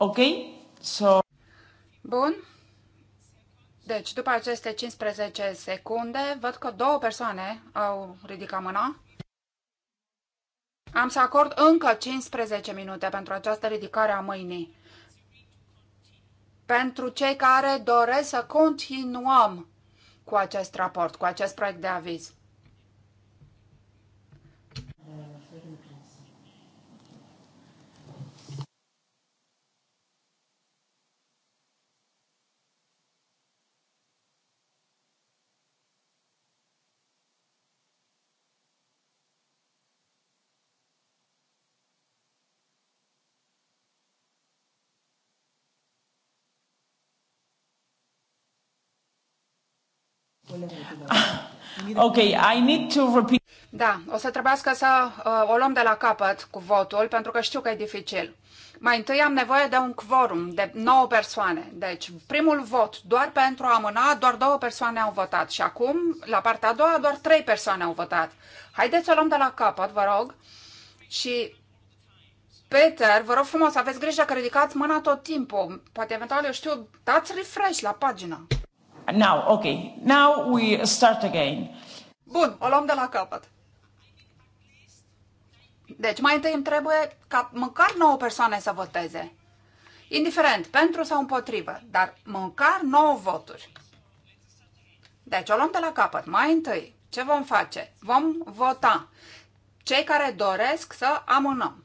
Ok? So... Bun. Deci, după aceste 15 secunde, văd că două persoane au ridicat mâna. Am să acord încă 15 minute pentru această ridicare a mâinii. Pentru cei care doresc să continuăm cu acest raport, cu acest proiect de aviz. Ah, ok, I need to repeat. Da, o să trebuiască să uh, o luăm de la capăt cu votul, pentru că știu că e dificil. Mai întâi am nevoie de un quorum de 9 persoane. Deci, primul vot, doar pentru a amâna, doar două persoane au votat. Și acum, la partea a doua, doar trei persoane au votat. Haideți să o luăm de la capăt, vă rog. Și Peter, vă rog frumos, aveți grijă că ridicați mâna tot timpul. Poate eventual, eu știu, dați refresh la pagină. Now, ok, now we start again. Bun, o luăm de la capăt. Deci, mai întâi îmi trebuie ca măcar 9 persoane să voteze. Indiferent, pentru sau împotrivă, dar măcar 9 voturi. Deci, o luăm de la capăt. Mai întâi, ce vom face? Vom vota cei care doresc să amânăm.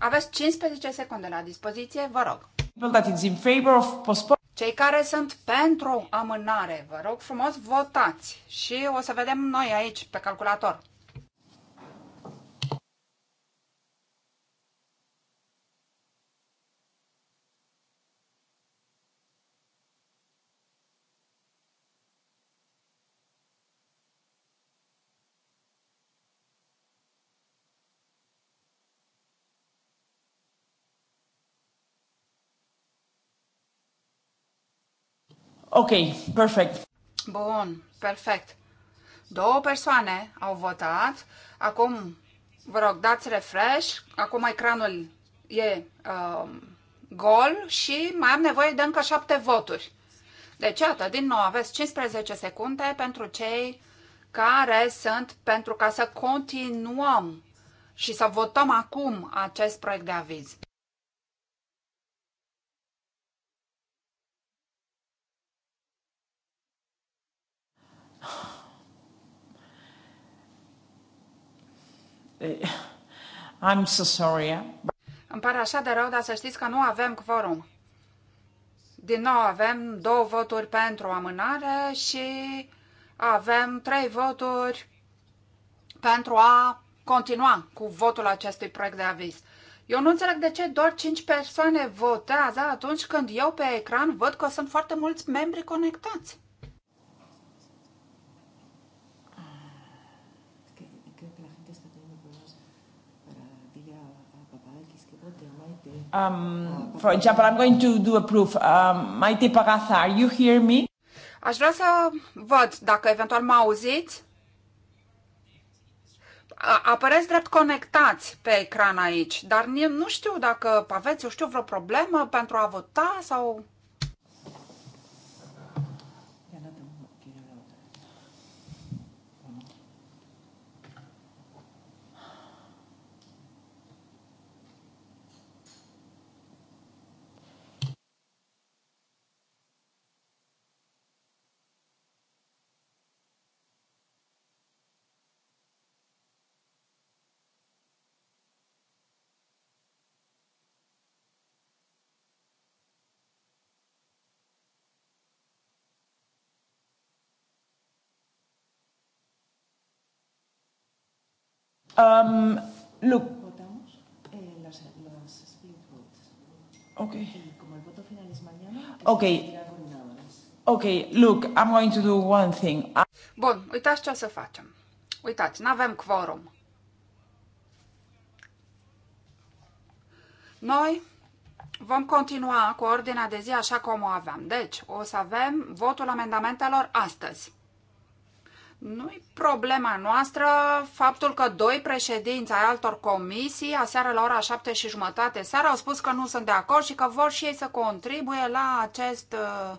Aveți 15 secunde la dispoziție, vă rog. People that is in favor of postpone. Cei care sunt pentru amânare, vă rog frumos, votați și o să vedem noi aici pe calculator. Ok, perfect. Bun, perfect. Două persoane au votat. Acum, vă rog, dați refresh. Acum ecranul e uh, gol și mai am nevoie de încă șapte voturi. Deci, iată, din nou aveți 15 secunde pentru cei care sunt pentru ca să continuăm și să votăm acum acest proiect de aviz. Eh, I'm so sorry. Eh. Îmi pare așa de rău, dar să știți că nu avem quorum. Din nou avem două voturi pentru amânare și avem trei voturi pentru a continua cu votul acestui proiect de aviz. Eu nu înțeleg de ce doar 5 persoane votează atunci când eu pe ecran văd că sunt foarte mulți membri conectați. Um, for example, I'm going to do a proof. Um, Maite Pagaza, are you hear me? Aș vrea să văd dacă eventual mă auziți. Apăreți drept conectați pe ecran aici, dar nu știu dacă aveți, eu știu, vreo problemă pentru a vota sau... Um, look. Votamos eh, las, las split votes. Okay. Y como el voto final es mañana, okay. Ok, look, I'm going to do one thing. I... Bun, uitați ce o să facem. Uitați, nu avem quorum. Noi vom continua cu ordinea de zi așa cum o aveam. Deci, o să avem votul amendamentelor astăzi nu e problema noastră faptul că doi președinți ai altor comisii, aseară la ora șapte și jumătate seara, au spus că nu sunt de acord și că vor și ei să contribuie la acest... Uh,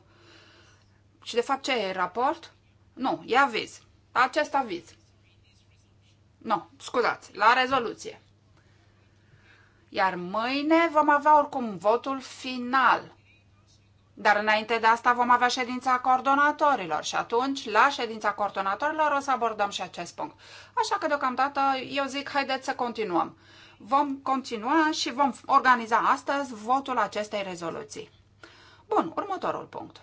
și de fapt ce e raport? Nu, e aviz. Acest aviz. Nu, scuzați, la rezoluție. Iar mâine vom avea oricum votul final dar înainte de asta vom avea ședința coordonatorilor și atunci, la ședința coordonatorilor, o să abordăm și acest punct. Așa că, deocamdată, eu zic, haideți să continuăm. Vom continua și vom organiza astăzi votul acestei rezoluții. Bun, următorul punct.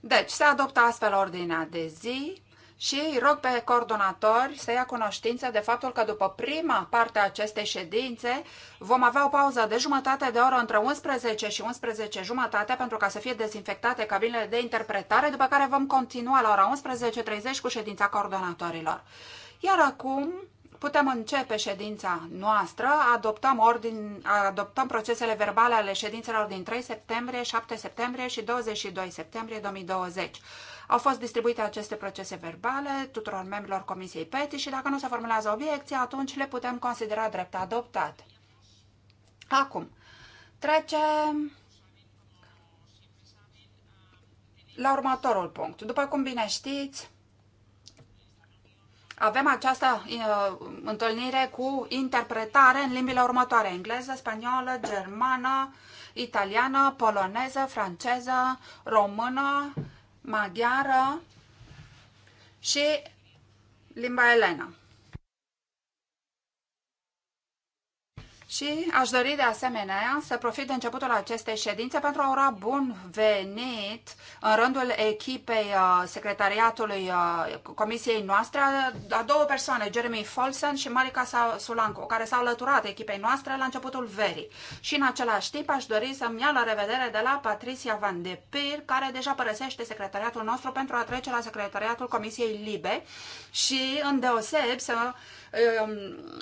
Deci, se adoptă astfel ordinea de zi și îi rog pe coordonatori să ia cunoștință de faptul că după prima parte a acestei ședințe vom avea o pauză de jumătate de oră între 11 și 11 jumătate pentru ca să fie dezinfectate cabinele de interpretare, după care vom continua la ora 11.30 cu ședința coordonatorilor. Iar acum putem începe ședința noastră, adoptăm, ordin, adoptăm procesele verbale ale ședințelor din 3 septembrie, 7 septembrie și 22 septembrie 2020. Au fost distribuite aceste procese verbale tuturor membrilor Comisiei PETI și dacă nu se formulează obiecții, atunci le putem considera drept adoptate. Acum, trecem la următorul punct. După cum bine știți, avem această uh, întâlnire cu interpretare în limbile următoare, engleză, spaniolă, germană, italiană, poloneză, franceză, română, maghiară și limba elena. Și aș dori de asemenea să profit de începutul acestei ședințe pentru a ura bun venit în rândul echipei uh, secretariatului uh, comisiei noastre a două persoane, Jeremy Folsen și Marica Sulanco, care s-au alăturat echipei noastre la începutul verii. Și în același timp aș dori să-mi ia la revedere de la Patricia Van de Pir, care deja părăsește secretariatul nostru pentru a trece la secretariatul comisiei Libe și îndeoseb să Ehm,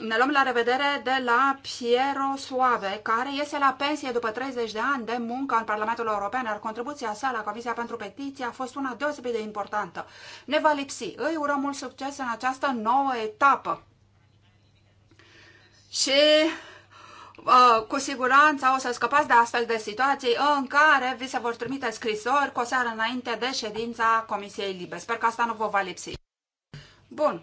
ne luăm la revedere de la Piero Suave, care iese la pensie după 30 de ani de muncă în Parlamentul European, iar contribuția sa la Comisia pentru Petiții a fost una deosebit de importantă. Ne va lipsi. Îi urăm mult succes în această nouă etapă. Și uh, cu siguranță o să scăpați de astfel de situații în care vi se vor trimite scrisori cu o seară înainte de ședința Comisiei Libe. Sper că asta nu vă va lipsi. Bun.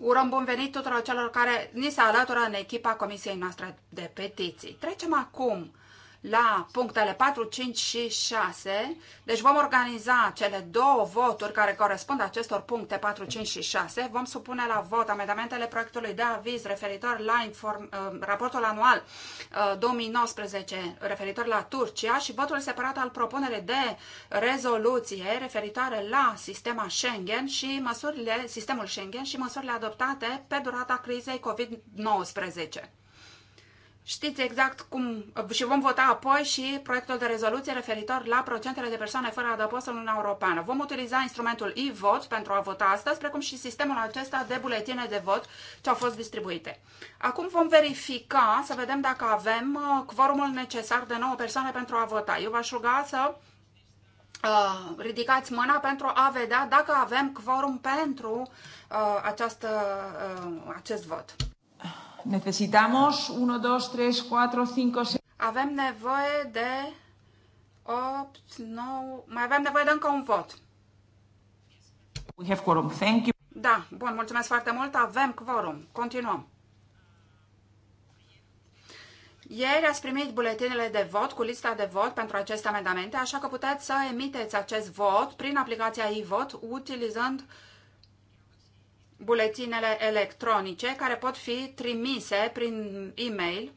Urăm bun venit tuturor celor care ni se alăturat în echipa Comisiei noastre de petiții. Trecem acum la punctele 4, 5 și 6. Deci vom organiza cele două voturi care corespund acestor puncte 4, 5 și 6. Vom supune la vot amendamentele proiectului de aviz referitor la inform, uh, raportul anual 2019 uh, referitor la Turcia și votul separat al propunerii de rezoluție referitoare la sistema Schengen și măsurile, sistemul Schengen și măsurile adoptate pe durata crizei COVID-19. Știți exact cum și vom vota apoi și proiectul de rezoluție referitor la procentele de persoane fără adăpost în Uniunea Europeană. Vom utiliza instrumentul e-vot pentru a vota astăzi, precum și sistemul acesta de buletine de vot ce au fost distribuite. Acum vom verifica să vedem dacă avem uh, quorumul necesar de 9 persoane pentru a vota. Eu v-aș ruga să uh, ridicați mâna pentru a vedea dacă avem quorum pentru uh, această, acest vot. Necesitamos 1, 2, 3, 4, 5, 6... Avem nevoie de 8, 9... Mai avem nevoie de încă un vot. We have quorum. Thank you. Da, bun, mulțumesc foarte mult. Avem quorum. Continuăm. Ieri ați primit buletinele de vot cu lista de vot pentru aceste amendamente, așa că puteți să emiteți acest vot prin aplicația e-vot utilizând uh, buletinele electronice care pot fi trimise prin e-mail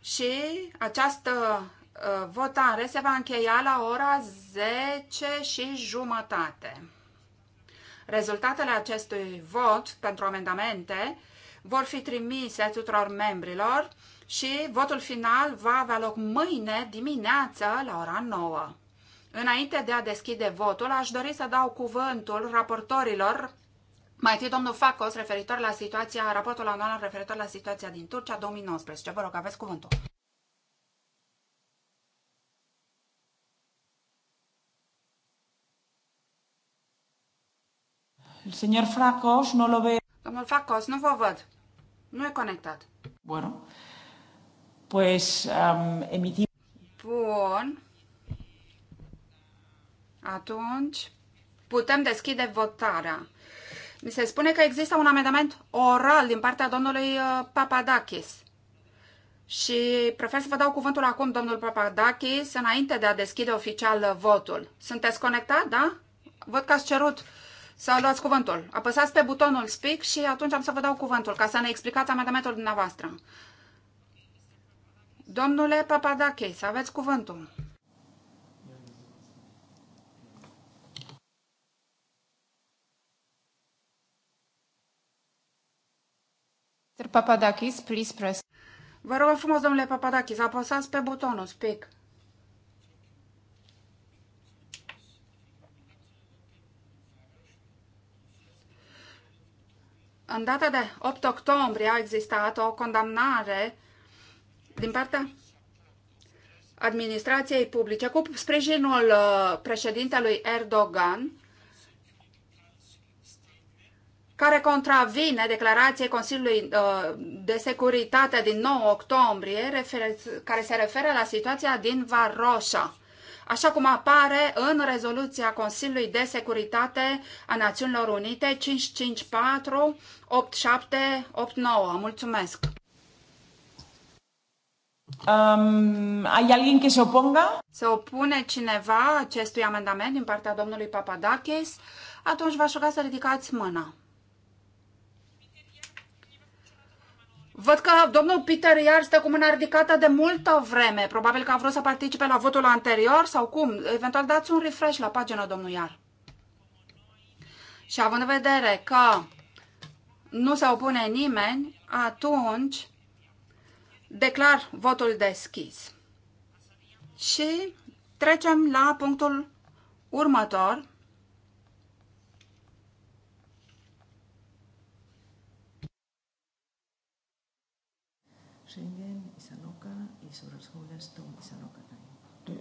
și această uh, votare se va încheia la ora 10 și jumătate. Rezultatele acestui vot pentru amendamente vor fi trimise tuturor membrilor și votul final va avea loc mâine dimineață la ora 9. Înainte de a deschide votul, aș dori să dau cuvântul raportorilor mai întâi, domnul Facos, referitor la situația, raportul anual referitor la situația din Turcia 2019. Vă rog, aveți cuvântul. El señor Fracos, no lo ve. Domnul Facos, nu vă văd. Nu e conectat. Bueno. Pues um, emitim... Bun. Atunci, putem deschide votarea. Mi se spune că există un amendament oral din partea domnului uh, Papadakis. Și prefer să vă dau cuvântul acum, domnul Papadakis, înainte de a deschide oficial uh, votul. Sunteți conectat, da? Văd că ați cerut să luați cuvântul. Apăsați pe butonul Speak și atunci am să vă dau cuvântul, ca să ne explicați amendamentul dumneavoastră. Domnule Papadakis, aveți cuvântul. Mr. Papadakis, please press. Vă rog frumos, domnule Papadakis, apăsați pe butonul speak. În data de 8 octombrie a existat o condamnare din partea administrației publice cu sprijinul uh, președintelui Erdogan care contravine declarației Consiliului uh, de Securitate din 9 octombrie, care se referă la situația din Varosha, așa cum apare în rezoluția Consiliului de Securitate a Națiunilor Unite 554 8789. Mulțumesc! Um, ai alguien que se oponga? Se opune cineva acestui amendament din partea domnului Papadakis? Atunci v-aș ruga să ridicați mâna. Văd că domnul Peter iar stă cu mâna ridicată de multă vreme. Probabil că a vrut să participe la votul anterior sau cum. Eventual dați un refresh la pagina domnului Iar. Și având în vedere că nu se opune nimeni, atunci declar votul deschis. Și trecem la punctul următor, Schengen, Isanoka y sobre los Stone, Isanoka también. Eh,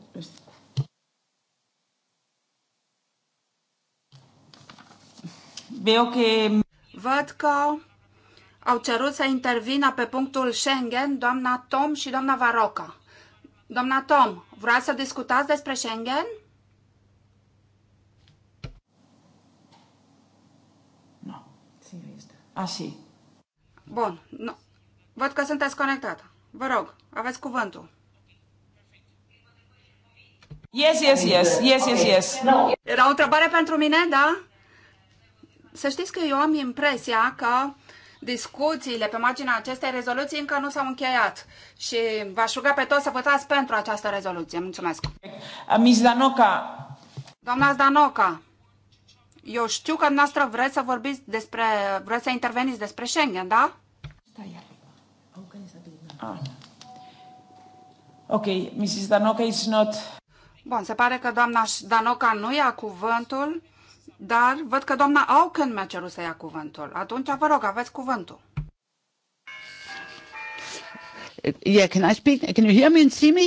veo que... Văd că au cerut să intervină pe punctul Schengen doamna Tom și doamna Varoca. Doamna Tom, vreați să discutați despre Schengen? Ah, nu. No. Sigur este. A, si. Bun. No. Văd că sunteți conectată. Vă rog, aveți cuvântul. Yes, yes, yes, yes, yes, yes. Era o întrebare pentru mine, da? Să știți că eu am impresia că discuțiile pe marginea acestei rezoluții încă nu s-au încheiat și v-aș ruga pe toți să votați pentru această rezoluție. Mulțumesc. Uh, Miss Danoca. Doamna Zdanoca, eu știu că dumneavoastră vreți să vorbiți despre, vreți să interveniți despre Schengen, da? Da, iar. Ah. Ok, Mrs. Danoca is not... Bun, se pare că doamna Danoca nu ia cuvântul, dar văd că doamna Auken mi-a cerut să ia cuvântul. Atunci, vă rog, aveți cuvântul. Yeah, can I speak? Can you hear me and see me?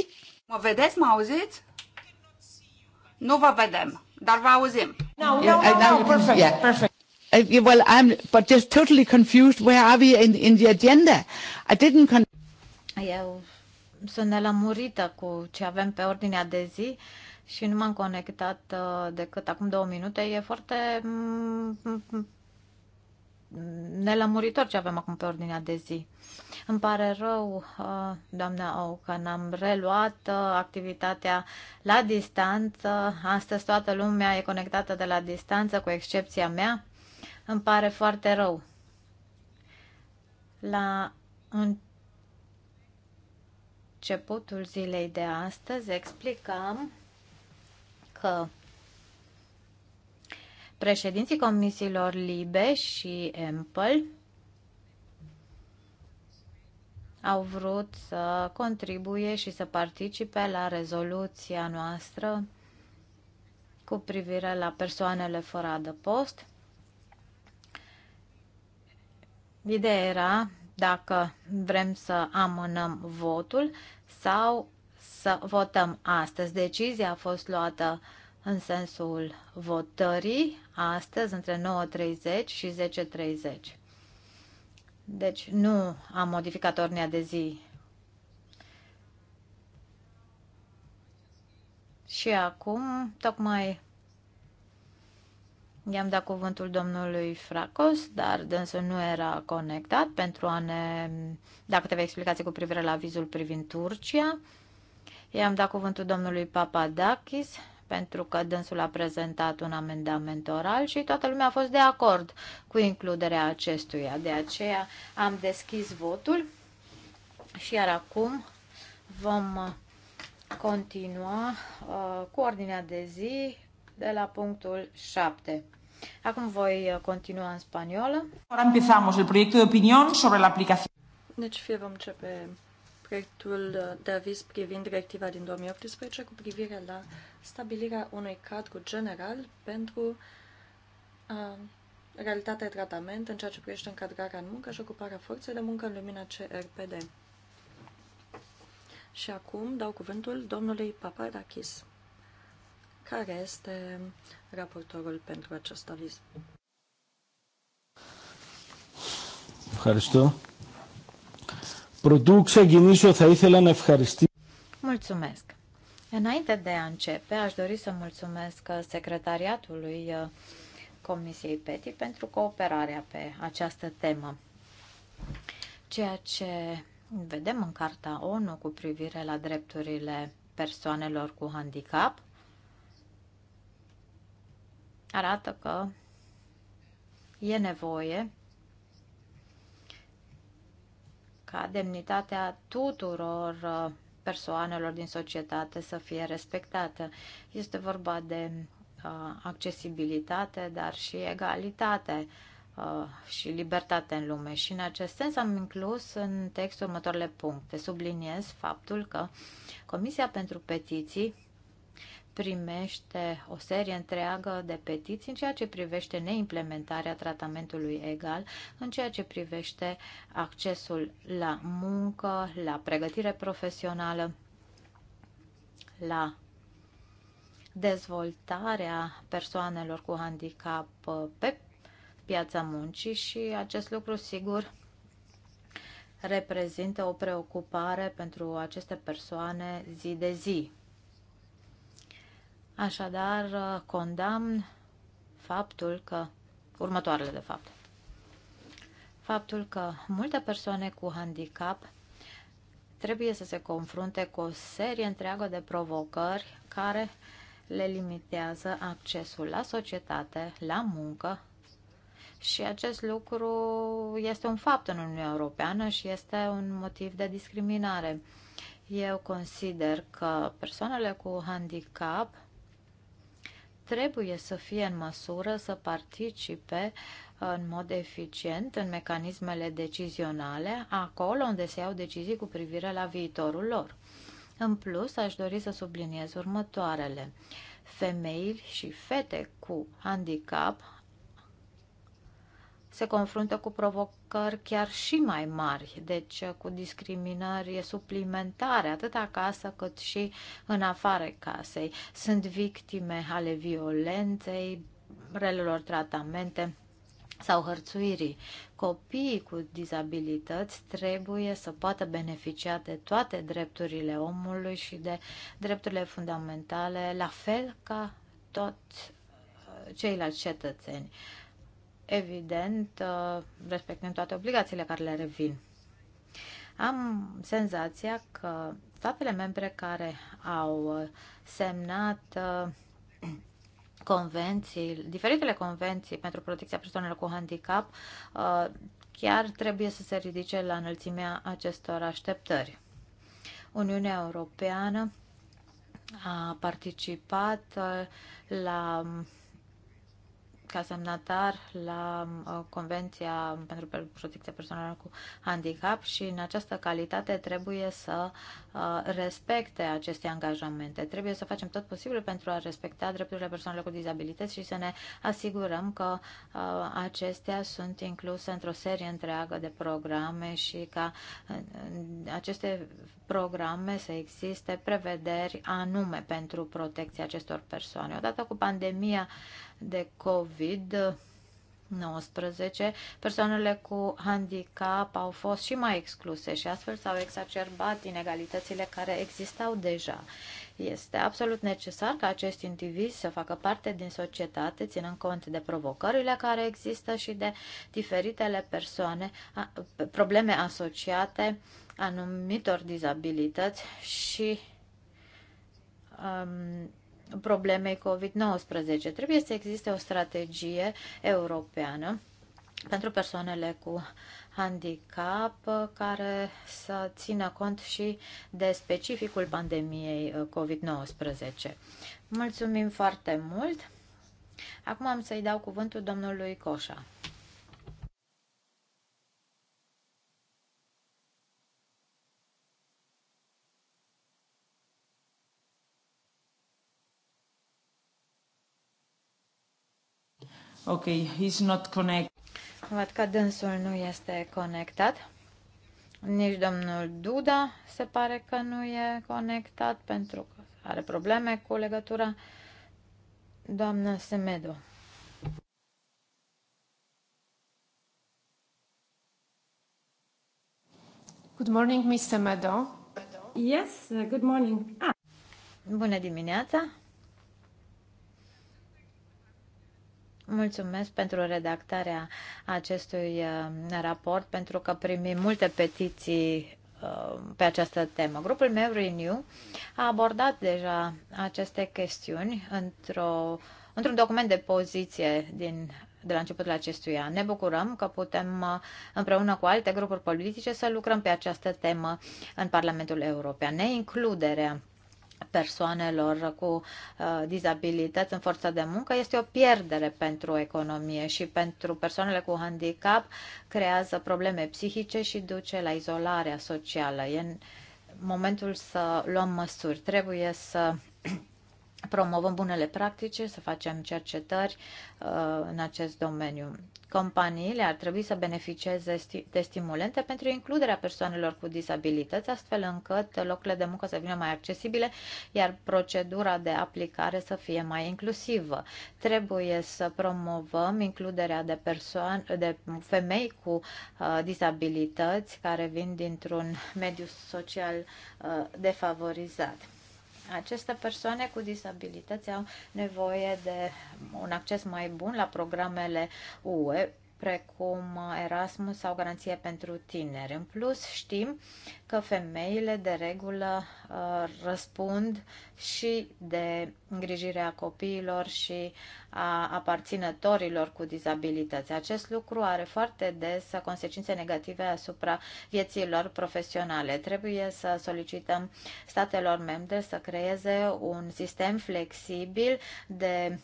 Mă vedeți, mă auziți? Nu vă vedem, dar vă auzim. No, no, no, no, perfect, yeah. perfect. Uh, well, I'm, but just totally confused. Where are we in, in the agenda? I didn't con eu ne lămurită cu ce avem pe ordinea de zi și nu m-am conectat uh, decât acum două minute. E foarte mm, mm, nelămuritor ce avem acum pe ordinea de zi. Îmi pare rău, uh, doamna O, că n-am reluat uh, activitatea la distanță. Astăzi toată lumea e conectată de la distanță, cu excepția mea. Îmi pare foarte rău. La în începutul zilei de astăzi explicam că președinții comisiilor LIBE și Empel au vrut să contribuie și să participe la rezoluția noastră cu privire la persoanele fără adăpost. Ideea era dacă vrem să amânăm votul sau să votăm astăzi. Decizia a fost luată în sensul votării astăzi între 9.30 și 10.30. Deci nu am modificat ordinea de zi. Și acum, tocmai I-am dat cuvântul domnului Fracos, dar dânsul nu era conectat pentru a ne da câteva explicații cu privire la vizul privind Turcia. I-am dat cuvântul domnului Papadakis pentru că dânsul a prezentat un amendament oral și toată lumea a fost de acord cu includerea acestuia. De aceea am deschis votul și iar acum vom continua uh, cu ordinea de zi de la punctul 7. Acum voi uh, continua în spaniolă. Ahora empezamos el proyecto de opinión sobre la aplicación. Deci fie vom începe proiectul uh, de aviz privind directiva din 2018 cu privire la stabilirea unui cadru general pentru a, uh, realitatea de tratament în ceea ce privește încadrarea în muncă și ocuparea forței de muncă în lumina CRPD. Și acum dau cuvântul domnului Papadakis care este raportorul pentru acest aviz. Mulțumesc. Înainte de a începe, aș dori să mulțumesc secretariatului uh, Comisiei PETI pentru cooperarea pe această temă. Ceea ce vedem în Carta ONU cu privire la drepturile persoanelor cu handicap arată că e nevoie ca demnitatea tuturor uh, persoanelor din societate să fie respectată. Este vorba de uh, accesibilitate, dar și egalitate uh, și libertate în lume. Și în acest sens am inclus în text următoarele puncte. Subliniez faptul că Comisia pentru Petiții primește o serie întreagă de petiții în ceea ce privește neimplementarea tratamentului egal, în ceea ce privește accesul la muncă, la pregătire profesională, la dezvoltarea persoanelor cu handicap uh, pe piața muncii și acest lucru sigur reprezintă o preocupare pentru aceste persoane zi de zi. Așadar, uh, condamn faptul că, următoarele de fapt, faptul că multe persoane cu handicap trebuie să se confrunte cu o serie întreagă de provocări care le limitează accesul la societate, la muncă și acest lucru este un fapt în Uniunea Europeană și este un motiv de discriminare. Eu consider că persoanele cu handicap trebuie să fie în măsură să participe uh, în mod eficient în mecanismele decizionale, acolo unde se iau decizii cu privire la viitorul lor. În plus, aș dori să subliniez următoarele. Femei și fete cu handicap se confruntă cu provocări chiar și mai mari, deci uh, cu discriminări suplimentare, atât acasă cât și în afară casei. Sunt victime ale violenței, relelor tratamente sau hărțuirii. Copiii cu dizabilități trebuie să poată beneficia de toate drepturile omului și de drepturile fundamentale, la fel ca toți uh, ceilalți cetățeni evident, uh, respectând toate obligațiile care le revin. Am senzația că statele membre care au uh, semnat uh, convenții, diferitele convenții pentru protecția persoanelor cu handicap, chiar trebuie să se ridice la înălțimea acestor așteptări. Uniunea Europeană a participat la ca semnatar la uh, Convenția pentru protecția persoanelor cu handicap și în această calitate trebuie să uh, respecte aceste angajamente. Trebuie să facem tot posibil pentru a respecta drepturile persoanelor cu dizabilități și să ne asigurăm că uh, acestea sunt incluse într-o serie întreagă de programe și ca aceste programe să existe prevederi anume pentru protecția acestor persoane. Odată cu pandemia de COVID-19, persoanele cu handicap au fost și mai excluse și astfel s-au exacerbat inegalitățile care existau deja. Este absolut necesar ca acest indivizi să facă parte din societate, ținând cont de provocările care există și de diferitele persoane, probleme asociate anumitor dizabilități și um, problemei COVID-19. Trebuie să existe o strategie europeană pentru persoanele cu handicap care să țină cont și de specificul pandemiei uh, COVID-19. Mulțumim foarte mult! Acum am să-i dau cuvântul domnului Coșa. Ok, he's not connect. Văd că dânsul nu este conectat. Nici domnul Duda se pare că nu e conectat pentru că are probleme cu legătura. Doamna Semedo. Good morning, Miss Semedo. Yes, good morning. Ah. Bună dimineața. mulțumesc pentru redactarea acestui uh, raport, pentru că primim multe petiții uh, pe această temă. Grupul meu Renew a abordat deja aceste chestiuni într-o, într-un document de poziție din de la începutul acestui an. Ne bucurăm că putem uh, împreună cu alte grupuri politice să lucrăm pe această temă în Parlamentul European. Neincluderea persoanelor cu uh, dizabilități în forța de muncă este o pierdere pentru economie și pentru persoanele cu handicap creează probleme psihice și duce la izolarea socială. E momentul să luăm măsuri. Trebuie să promovăm bunele practici, să facem cercetări uh, în acest domeniu. Companiile ar trebui să beneficieze de stimulente pentru includerea persoanelor cu dizabilități, astfel încât locurile de muncă să fie mai accesibile, iar procedura de aplicare să fie mai inclusivă. Trebuie să promovăm includerea de, persoane, de femei cu uh, dizabilități care vin dintr-un mediu social uh, defavorizat. Aceste persoane cu disabilități au nevoie de un acces mai bun la programele UE precum Erasmus sau Garanție pentru Tineri. În plus, știm că femeile de regulă uh, răspund și de îngrijirea copiilor și a aparținătorilor cu dizabilități. Acest lucru are foarte des consecințe negative asupra vieților profesionale. Trebuie să solicităm statelor membre să creeze un sistem flexibil de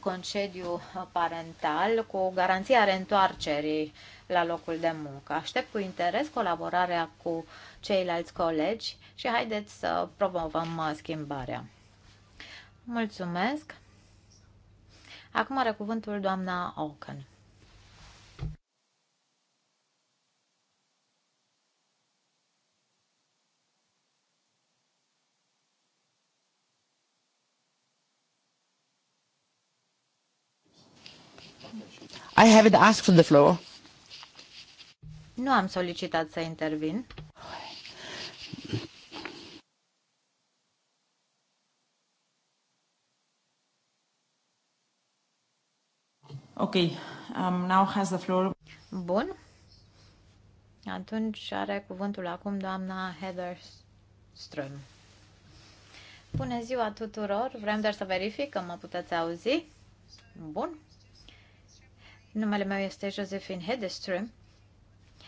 concediu parental cu garanția reîntoarcerii la locul de muncă. Aștept cu interes colaborarea cu ceilalți colegi și haideți să promovăm schimbarea. Mulțumesc! Acum are cuvântul doamna Ocan. I haven't asked for the floor. Nu am solicitat să intervin. Ok, um, now has the floor. Bun. Atunci are cuvântul acum doamna Heather Ström. Bună ziua tuturor! Vrem doar să verific că mă puteți auzi. Bun. Numele meu este Josephine Hedestrom.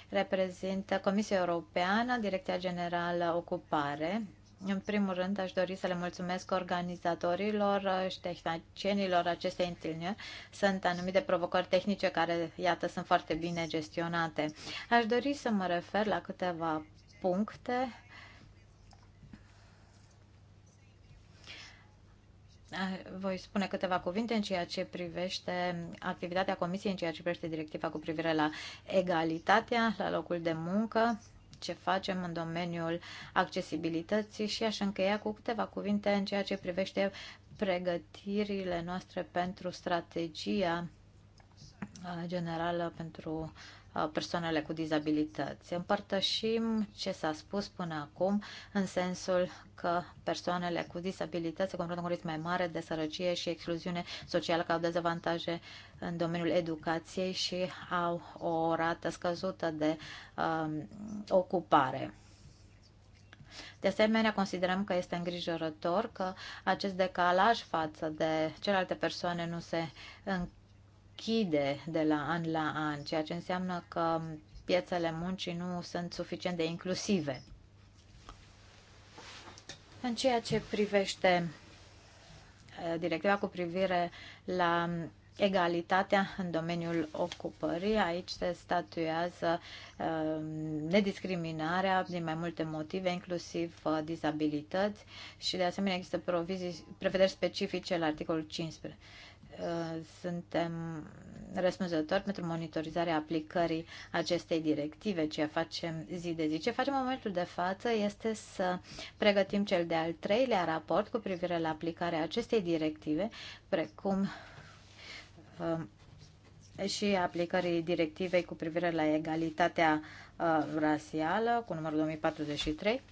Reprezintă Comisia Europeană, Direcția Generală Ocupare. În primul rând, aș dori să le mulțumesc organizatorilor și tehnicienilor acestei întâlniri. Sunt anumite provocări tehnice care, iată, sunt foarte bine gestionate. Aș dori să mă refer la câteva puncte Ah, voi spune câteva cuvinte în ceea ce privește activitatea Comisiei, în ceea ce privește directiva cu privire la egalitatea la locul de muncă, ce facem în domeniul accesibilității și aș încheia cu câteva cuvinte în ceea ce privește pregătirile noastre pentru strategia ah, generală pentru Uh, persoanele cu dizabilități. Împărtășim ce s-a spus până acum în sensul că persoanele cu dizabilități se confruntă cu un risc mai mare de sărăcie și excluziune socială, că au dezavantaje în domeniul educației și au o rată scăzută de um, ocupare. De asemenea, considerăm că este îngrijorător că acest decalaj față de celelalte persoane nu se încheie închide de la an la an, ceea ce înseamnă că piețele muncii nu sunt suficient de inclusive. În ceea ce privește directiva cu privire la egalitatea în domeniul ocupării, aici se statuează nediscriminarea din mai multe motive, inclusiv dizabilități și de asemenea există provizii, prevederi specifice la articolul 15 suntem răspunzători pentru monitorizarea aplicării acestei directive. Ce facem zi de zi? Ce facem în momentul de față este să pregătim cel de-al treilea raport cu privire la aplicarea acestei directive, precum um, și aplicării directivei cu privire la egalitatea uh, rasială cu numărul 2043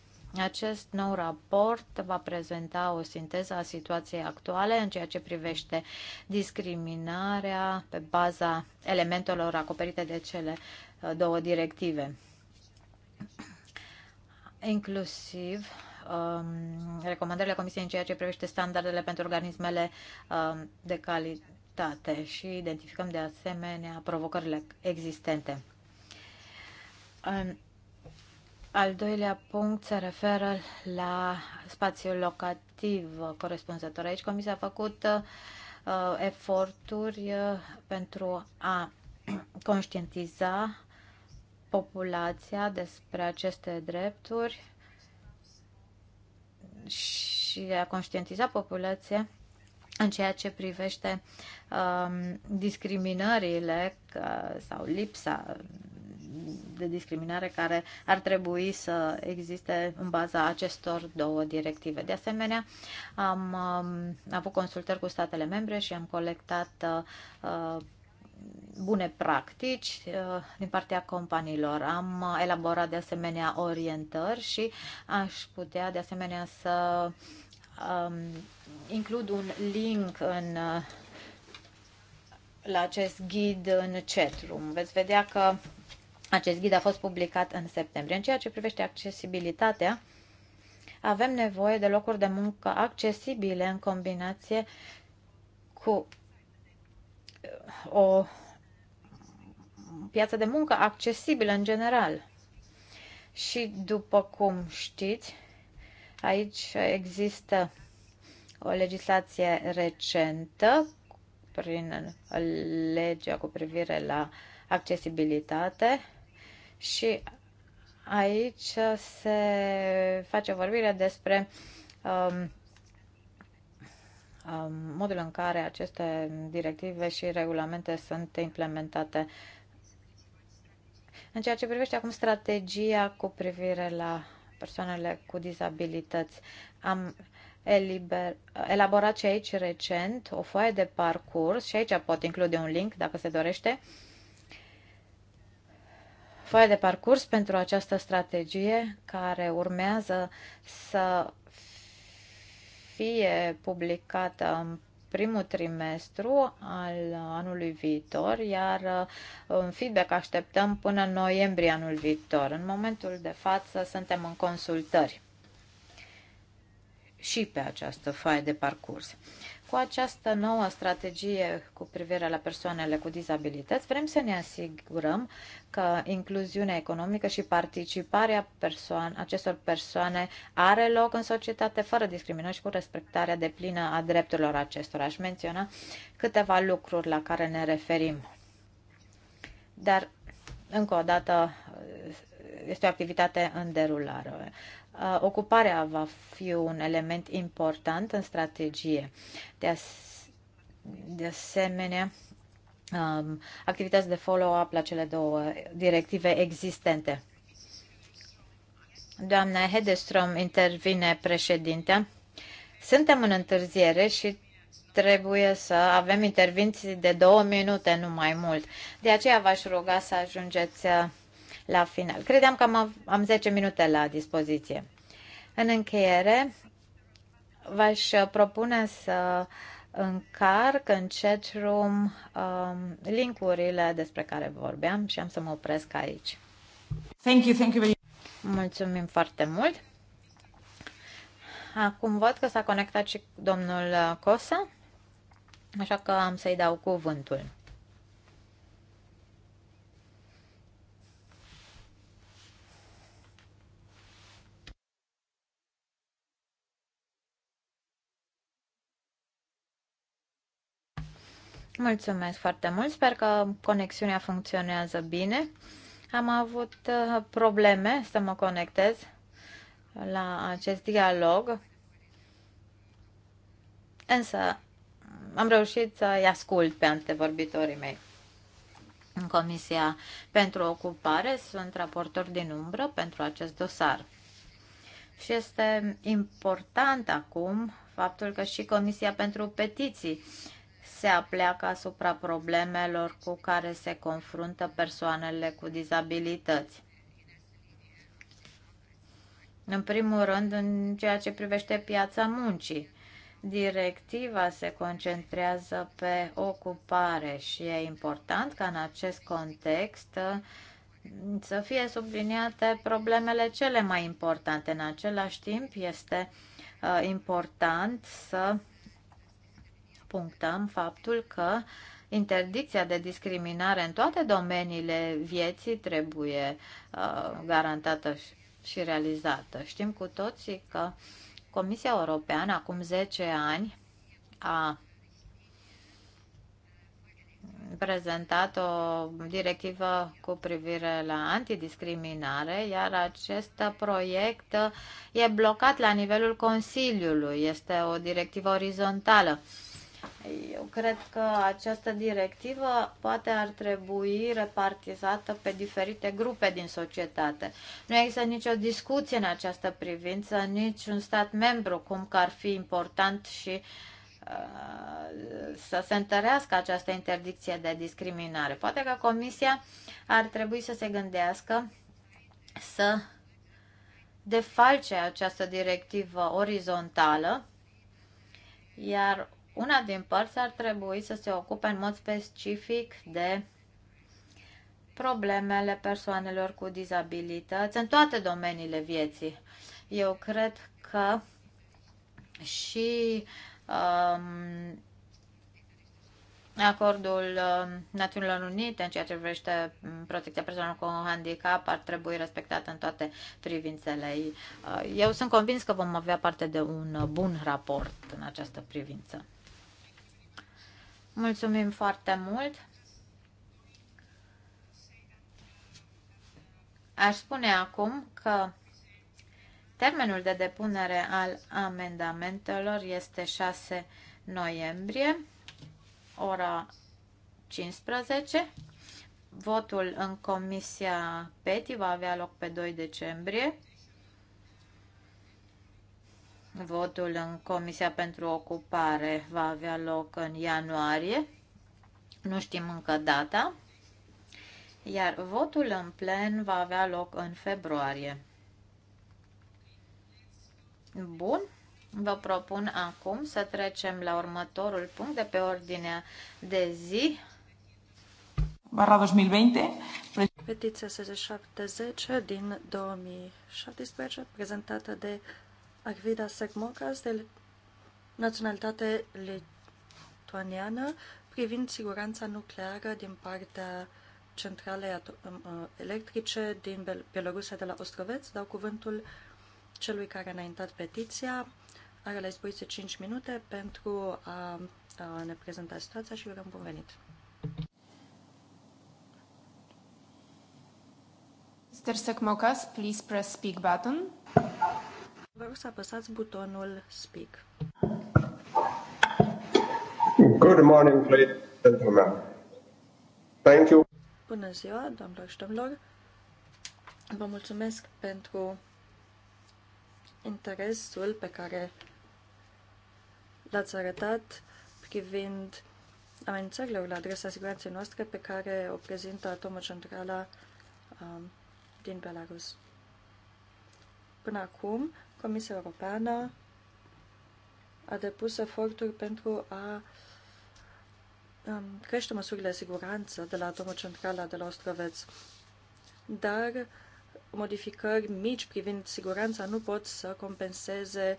acest nou raport va prezenta o sinteză a situației actuale în ceea ce privește discriminarea pe baza elementelor acoperite de cele uh, două directive, inclusiv um, recomandările Comisiei în ceea ce privește standardele pentru organismele um, de calitate și identificăm de asemenea provocările existente. Um, al doilea punct se referă la spațiul locativ corespunzător. Aici Comisia a făcut uh, eforturi uh, pentru a conștientiza populația despre aceste drepturi și a conștientiza populația în ceea ce privește uh, discriminările uh, sau lipsa de discriminare care ar trebui să existe în baza acestor două directive. De asemenea, am avut consultări cu statele membre și am colectat uh, bune practici uh, din partea companiilor. Am elaborat de asemenea orientări și aș putea de asemenea să um, includ un link în uh, la acest ghid în chatroom. Veți vedea că acest ghid a fost publicat în septembrie. În ceea ce privește accesibilitatea, avem nevoie de locuri de muncă accesibile în combinație cu uh, o piață de muncă accesibilă în general. Și după cum știți, aici există o legislație recentă prin legea cu privire la accesibilitate și aici se face vorbire despre um, um, modul în care aceste directive și regulamente sunt implementate. În ceea ce privește acum strategia cu privire la persoanele cu dizabilități, am eliber, elaborat și aici recent o foaie de parcurs și aici pot include un link dacă se dorește, uh, foaia de parcurs pentru această strategie care urmează să fie publicată în primul trimestru al anului viitor, iar uh, în feedback așteptăm până în noiembrie anul viitor. În momentul de față suntem în consultări și pe această foaie de parcurs. Cu această nouă strategie cu privire la persoanele cu dizabilități, vrem să ne asigurăm că incluziunea economică și participarea persoan- acestor persoane are loc în societate fără discriminări și cu respectarea deplină a drepturilor acestora. Aș menționa câteva lucruri la care ne referim. Dar încă o dată, este o activitate în derulare. Uh, ocuparea va fi un element important în strategie. De, as- de asemenea, um, activități de follow-up la cele două directive existente. Doamna Hedestrom intervine președinte. Suntem în întârziere și trebuie să avem intervenții de două minute, nu mai mult. De aceea v-aș ruga să ajungeți uh, la final. Credeam că am, am 10 minute la dispoziție. În încheiere, v-aș uh, propune să încarc în chat room um, linkurile despre care vorbeam și am să mă opresc aici. Thank you, thank you very Mulțumim foarte mult. Acum văd că s-a conectat și domnul Cosa așa că am să-i dau cuvântul. Mulțumesc foarte mult, sper că conexiunea funcționează bine. Am avut uh, probleme să mă conectez la acest dialog, însă am reușit să-i ascult pe antevorbitorii mei. În Comisia pentru Ocupare sunt raportor din umbră pentru acest dosar. Și este important acum faptul că și Comisia pentru Petiții se apleacă asupra problemelor cu care se confruntă persoanele cu dizabilități. În primul rând, în ceea ce privește piața muncii Directiva se concentrează pe ocupare și e important ca în acest context uh, să fie subliniate problemele cele mai importante. În același timp, este uh, important să punctăm faptul că interdicția de discriminare în toate domeniile vieții trebuie uh, garantată și realizată. Știm cu toții că uh, Comisia Europeană acum 10 ani a prezentat o directivă cu privire la antidiscriminare, iar acest proiect e blocat la nivelul Consiliului. Este o directivă orizontală eu cred că această directivă poate ar trebui repartizată pe diferite grupe din societate. Nu există nicio discuție în această privință, nici un stat membru, cum că ar fi important și uh, să se întărească această interdicție de discriminare. Poate că Comisia ar trebui să se gândească să defalce această directivă orizontală, iar una din părți ar trebui să se ocupe în mod specific de problemele persoanelor cu dizabilități în toate domeniile vieții. Eu cred că și um, acordul um, Națiunilor Unite în ceea ce privește um, protecția persoanelor cu handicap ar trebui respectat în toate privințele. Uh, eu sunt convins că vom avea parte de un uh, bun raport în această privință. Mulțumim foarte mult! Aș spune acum că termenul de depunere al amendamentelor este 6 noiembrie, ora 15. Votul în Comisia PETI va avea loc pe 2 decembrie Votul în Comisia pentru Ocupare va avea loc în ianuarie. Nu știm încă data. Iar votul în plen va avea loc în februarie. Bun. Vă propun acum să trecem la următorul punct de pe ordinea de zi. Barra 2020. Petiția 670 din 2017, prezentată de Agvida Sekmokas, de naționalitate lituaniană privind siguranța nucleară din partea centrale um, uh, electrice din Bielorusia de la Ostroveț. Dau cuvântul celui care a înaintat petiția. Are la dispoziție 5 minute pentru a ne prezenta situația și urăm bun venit. Mr. Sekmokas, please press speak button. Vă rog să apăsați butonul Speak. Good morning, ladies and gentlemen. Thank you. Bună ziua, doamnelor și domnilor. Vă mulțumesc pentru interesul pe care l-ați arătat privind amenințările la adresa siguranței noastre pe care o prezintă atomocentrala um, din Belarus. Până acum Comisia Europeană a depus eforturi pentru a um, crește măsurile de siguranță de la la de la Ostroveț, dar modificări mici privind siguranța nu pot să compenseze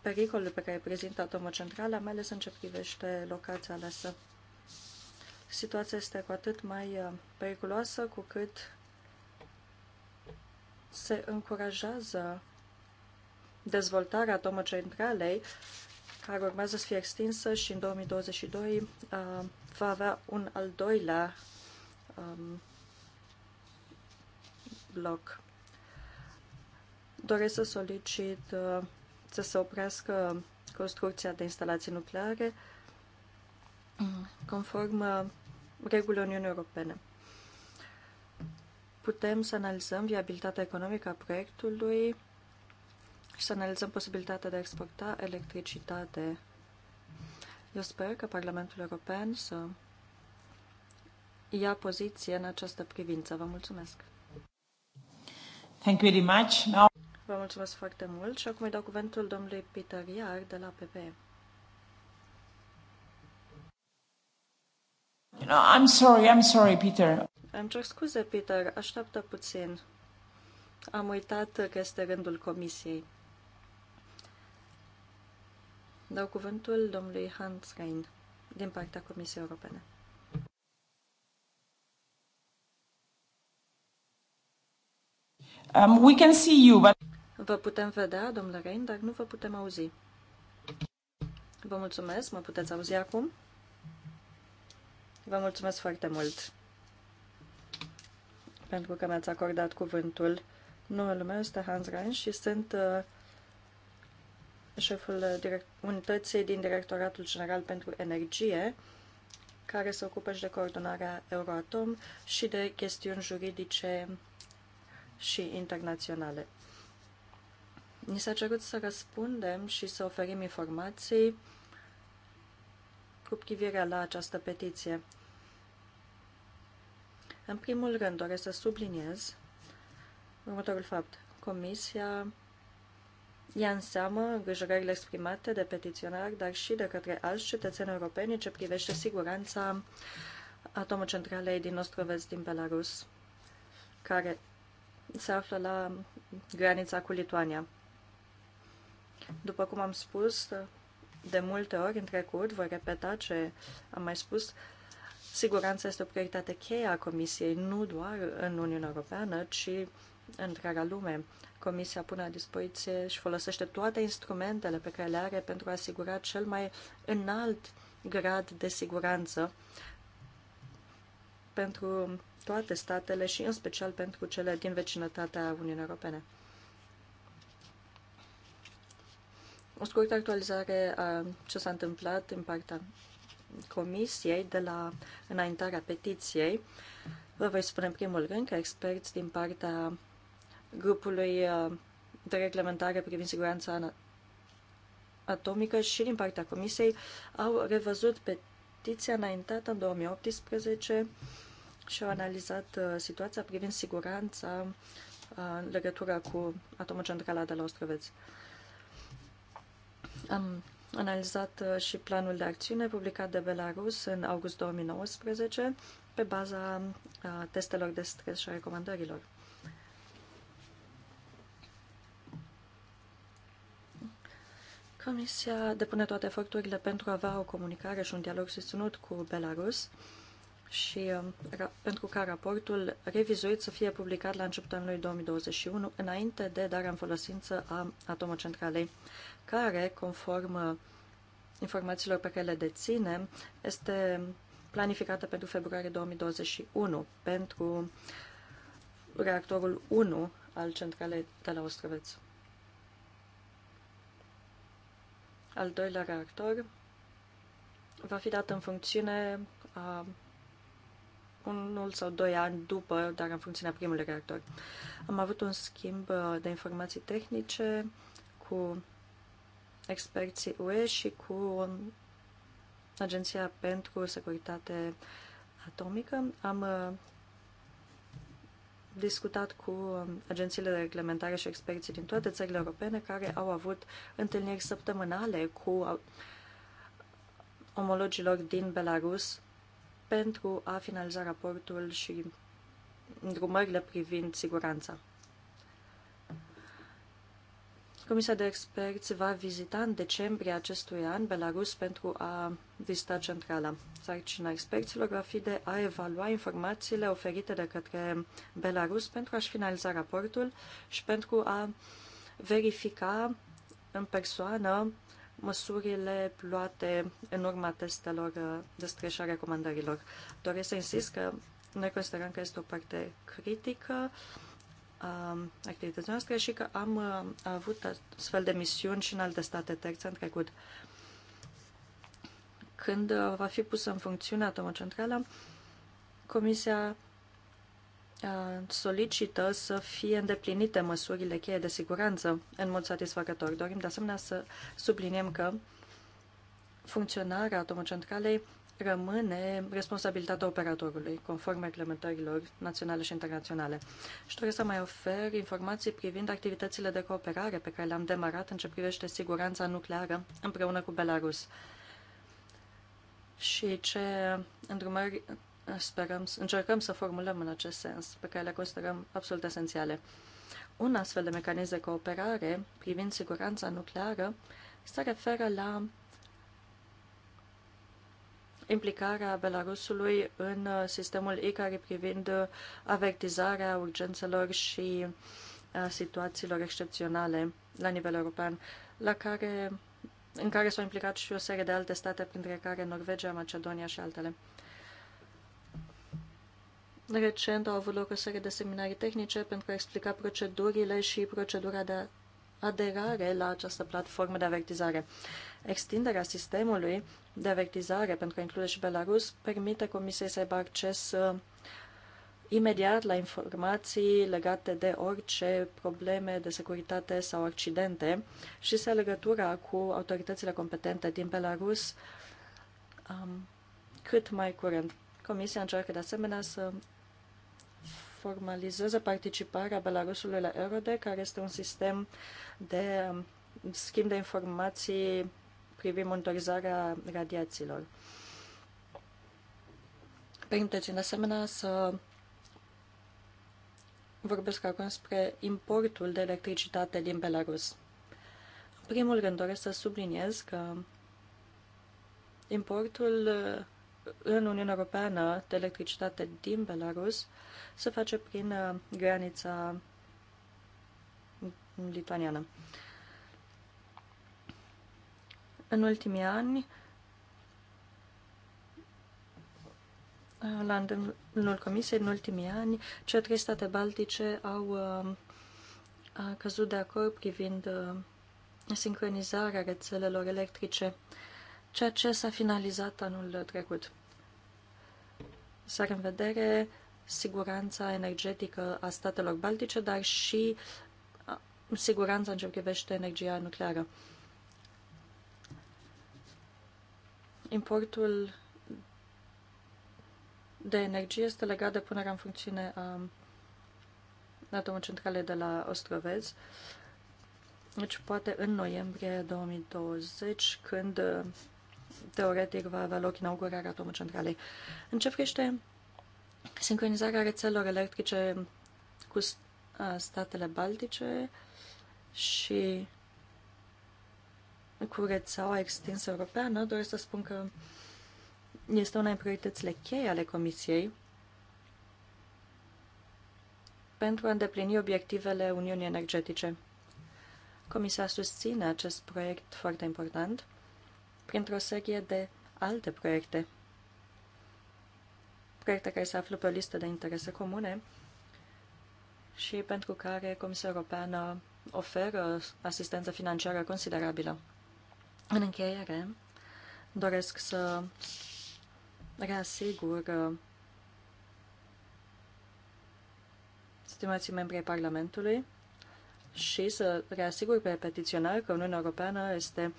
pericolul pe care prezintă central, mai ales în ce privește locația alesă. Situația este cu atât mai uh, periculoasă cu cât se încurajează dezvoltarea atomocentralei, care urmează să fie extinsă și în 2022 uh, va avea un al doilea um, bloc. Doresc să solicit uh, să se oprească construcția de instalații nucleare conform uh, regulilor Uniunii Europene. Putem să analizăm viabilitatea economică a proiectului, și să analizăm posibilitatea de a exporta electricitate. Eu sper că Parlamentul European să ia poziție în această privință. Vă mulțumesc! Thank you very much. Now... Vă mulțumesc foarte mult și acum îi dau cuvântul domnului Peter Iar de la PP. You know, I'm sorry, I'm sorry, Peter. Îmi cer scuze, Peter, așteaptă puțin. Am uitat că este rândul comisiei. Dau cuvântul domnului Hans Rein din partea Comisiei Europene. Um, we can see you, but... Vă putem vedea, domnule Rein, dar nu vă putem auzi. Vă mulțumesc, mă puteți auzi acum? Vă mulțumesc foarte mult pentru că mi-ați acordat cuvântul. Numele meu este Hans Rein și sunt uh, șeful direct, unității din Directoratul General pentru Energie, care se ocupă și de coordonarea Euroatom și de chestiuni juridice și internaționale. Ni s-a cerut să răspundem și să oferim informații cu privire la această petiție. În primul rând, doresc să subliniez următorul fapt. Comisia ia în seamă îngrijorările exprimate de petiționar, dar și de către alți cetățeni europeni ce privește siguranța atomocentralei din Ostrovez din Belarus, care se află la granița cu Lituania. După cum am spus de multe ori în trecut, voi repeta ce am mai spus, siguranța este o prioritate cheie a Comisiei, nu doar în Uniunea Europeană, ci întreaga lume. Comisia pune la dispoziție și folosește toate instrumentele pe care le are pentru a asigura cel mai înalt grad de siguranță pentru toate statele și în special pentru cele din vecinătatea Uniunii Europene. O scurtă actualizare a ce s-a întâmplat în partea Comisiei de la înaintarea petiției. Vă voi spune în primul rând că experți din partea grupului uh, de reglementare privind siguranța atomică și din partea Comisiei au revăzut petiția înaintată în 2018 și au analizat uh, situația privind siguranța uh, în legătură cu atomocentrala de la Ostrăveț. Am analizat și planul de acțiune publicat de Belarus în august 2019 pe baza testelor de stres și a recomandărilor. Comisia depune toate eforturile pentru a avea o comunicare și un dialog susținut cu Belarus și um, pentru ca raportul revizuit să fie publicat la începutul anului 2021, înainte de darea în folosință a atomocentralei, care, conform uh, informațiilor pe care le deținem, este planificată pentru februarie 2021, pentru reactorul 1 al centralei de la Ostrăveț. Al doilea reactor va fi dat în funcțiune a unul sau doi ani după, dar în funcțiunea primului reactor. Am avut un schimb de informații tehnice cu experții UE și cu Agenția pentru Securitate Atomică. Am discutat cu um, agențiile de reglementare și experții din toate țările europene care au avut întâlniri săptămânale cu uh, omologilor din Belarus pentru a finaliza raportul și îndrumările privind siguranța. Comisia de experți va vizita în decembrie acestui an Belarus pentru a vizita centrala. Sarcina experților va fi de a evalua informațiile oferite de către Belarus pentru a-și finaliza raportul și pentru a verifica în persoană măsurile luate în urma testelor de stres și a recomandărilor. Doresc să insist că noi considerăm că este o parte critică activității noastre și că am avut astfel de misiuni și în alte state terțe în trecut. Când va fi pusă în funcțiune atomocentrala, Comisia solicită să fie îndeplinite măsurile cheie de siguranță în mod satisfăcător. Dorim de asemenea să subliniem că funcționarea atomocentralei rămâne responsabilitatea operatorului, conform reglementărilor naționale și internaționale. Și doresc să mai ofer informații privind activitățile de cooperare pe care le-am demarat în ce privește siguranța nucleară împreună cu Belarus și ce îndrumări sperăm, încercăm să formulăm în acest sens, pe care le considerăm absolut esențiale. Un astfel de mecanism de cooperare privind siguranța nucleară se referă la implicarea Belarusului în uh, sistemul ICARI privind uh, avertizarea urgențelor și a uh, situațiilor excepționale la nivel european, la care, în care s-au implicat și o serie de alte state, printre care Norvegia, Macedonia și altele. Recent au avut loc o serie de seminarii tehnice pentru a explica procedurile și procedura de aderare la această platformă de avertizare. Extinderea sistemului de avertizare pentru că include și Belarus permite Comisiei să aibă acces uh, imediat la informații legate de orice probleme de securitate sau accidente și se legătura cu autoritățile competente din Belarus um, cât mai curând. Comisia încearcă de asemenea să formalizeze participarea Belarusului la Eurode, care este un sistem de schimb de informații privind monitorizarea radiațiilor. Permiteți, de asemenea, să vorbesc acum despre importul de electricitate din Belarus. În primul rând, doresc să subliniez că importul în Uniunea Europeană de electricitate din Belarus se face prin uh, granița lituaniană. În ultimii ani, la îndemnul Comisiei, în ultimii ani, cele trei state baltice au uh, a căzut de acord privind uh, sincronizarea rețelelor electrice ceea ce s-a finalizat anul trecut. S-ar în vedere siguranța energetică a statelor baltice, dar și siguranța în ce privește energia nucleară. Importul de energie este legat de punerea în funcțiune a atomocentralei de la Ostrovez. Deci poate în noiembrie 2020, când teoretic va avea loc inaugurarea atomocentralei. În ce privește sincronizarea rețelor electrice cu statele baltice și cu rețeaua extinsă europeană, doresc să spun că este una din prioritățile cheie ale Comisiei pentru a îndeplini obiectivele Uniunii Energetice. Comisia susține acest proiect foarte important printr-o serie de alte proiecte, proiecte care se află pe o listă de interese comune și pentru care Comisia Europeană oferă asistență financiară considerabilă. În încheiere, doresc să reasigur stimații membri ai Parlamentului și să reasigur pe petiționar că Uniunea Europeană este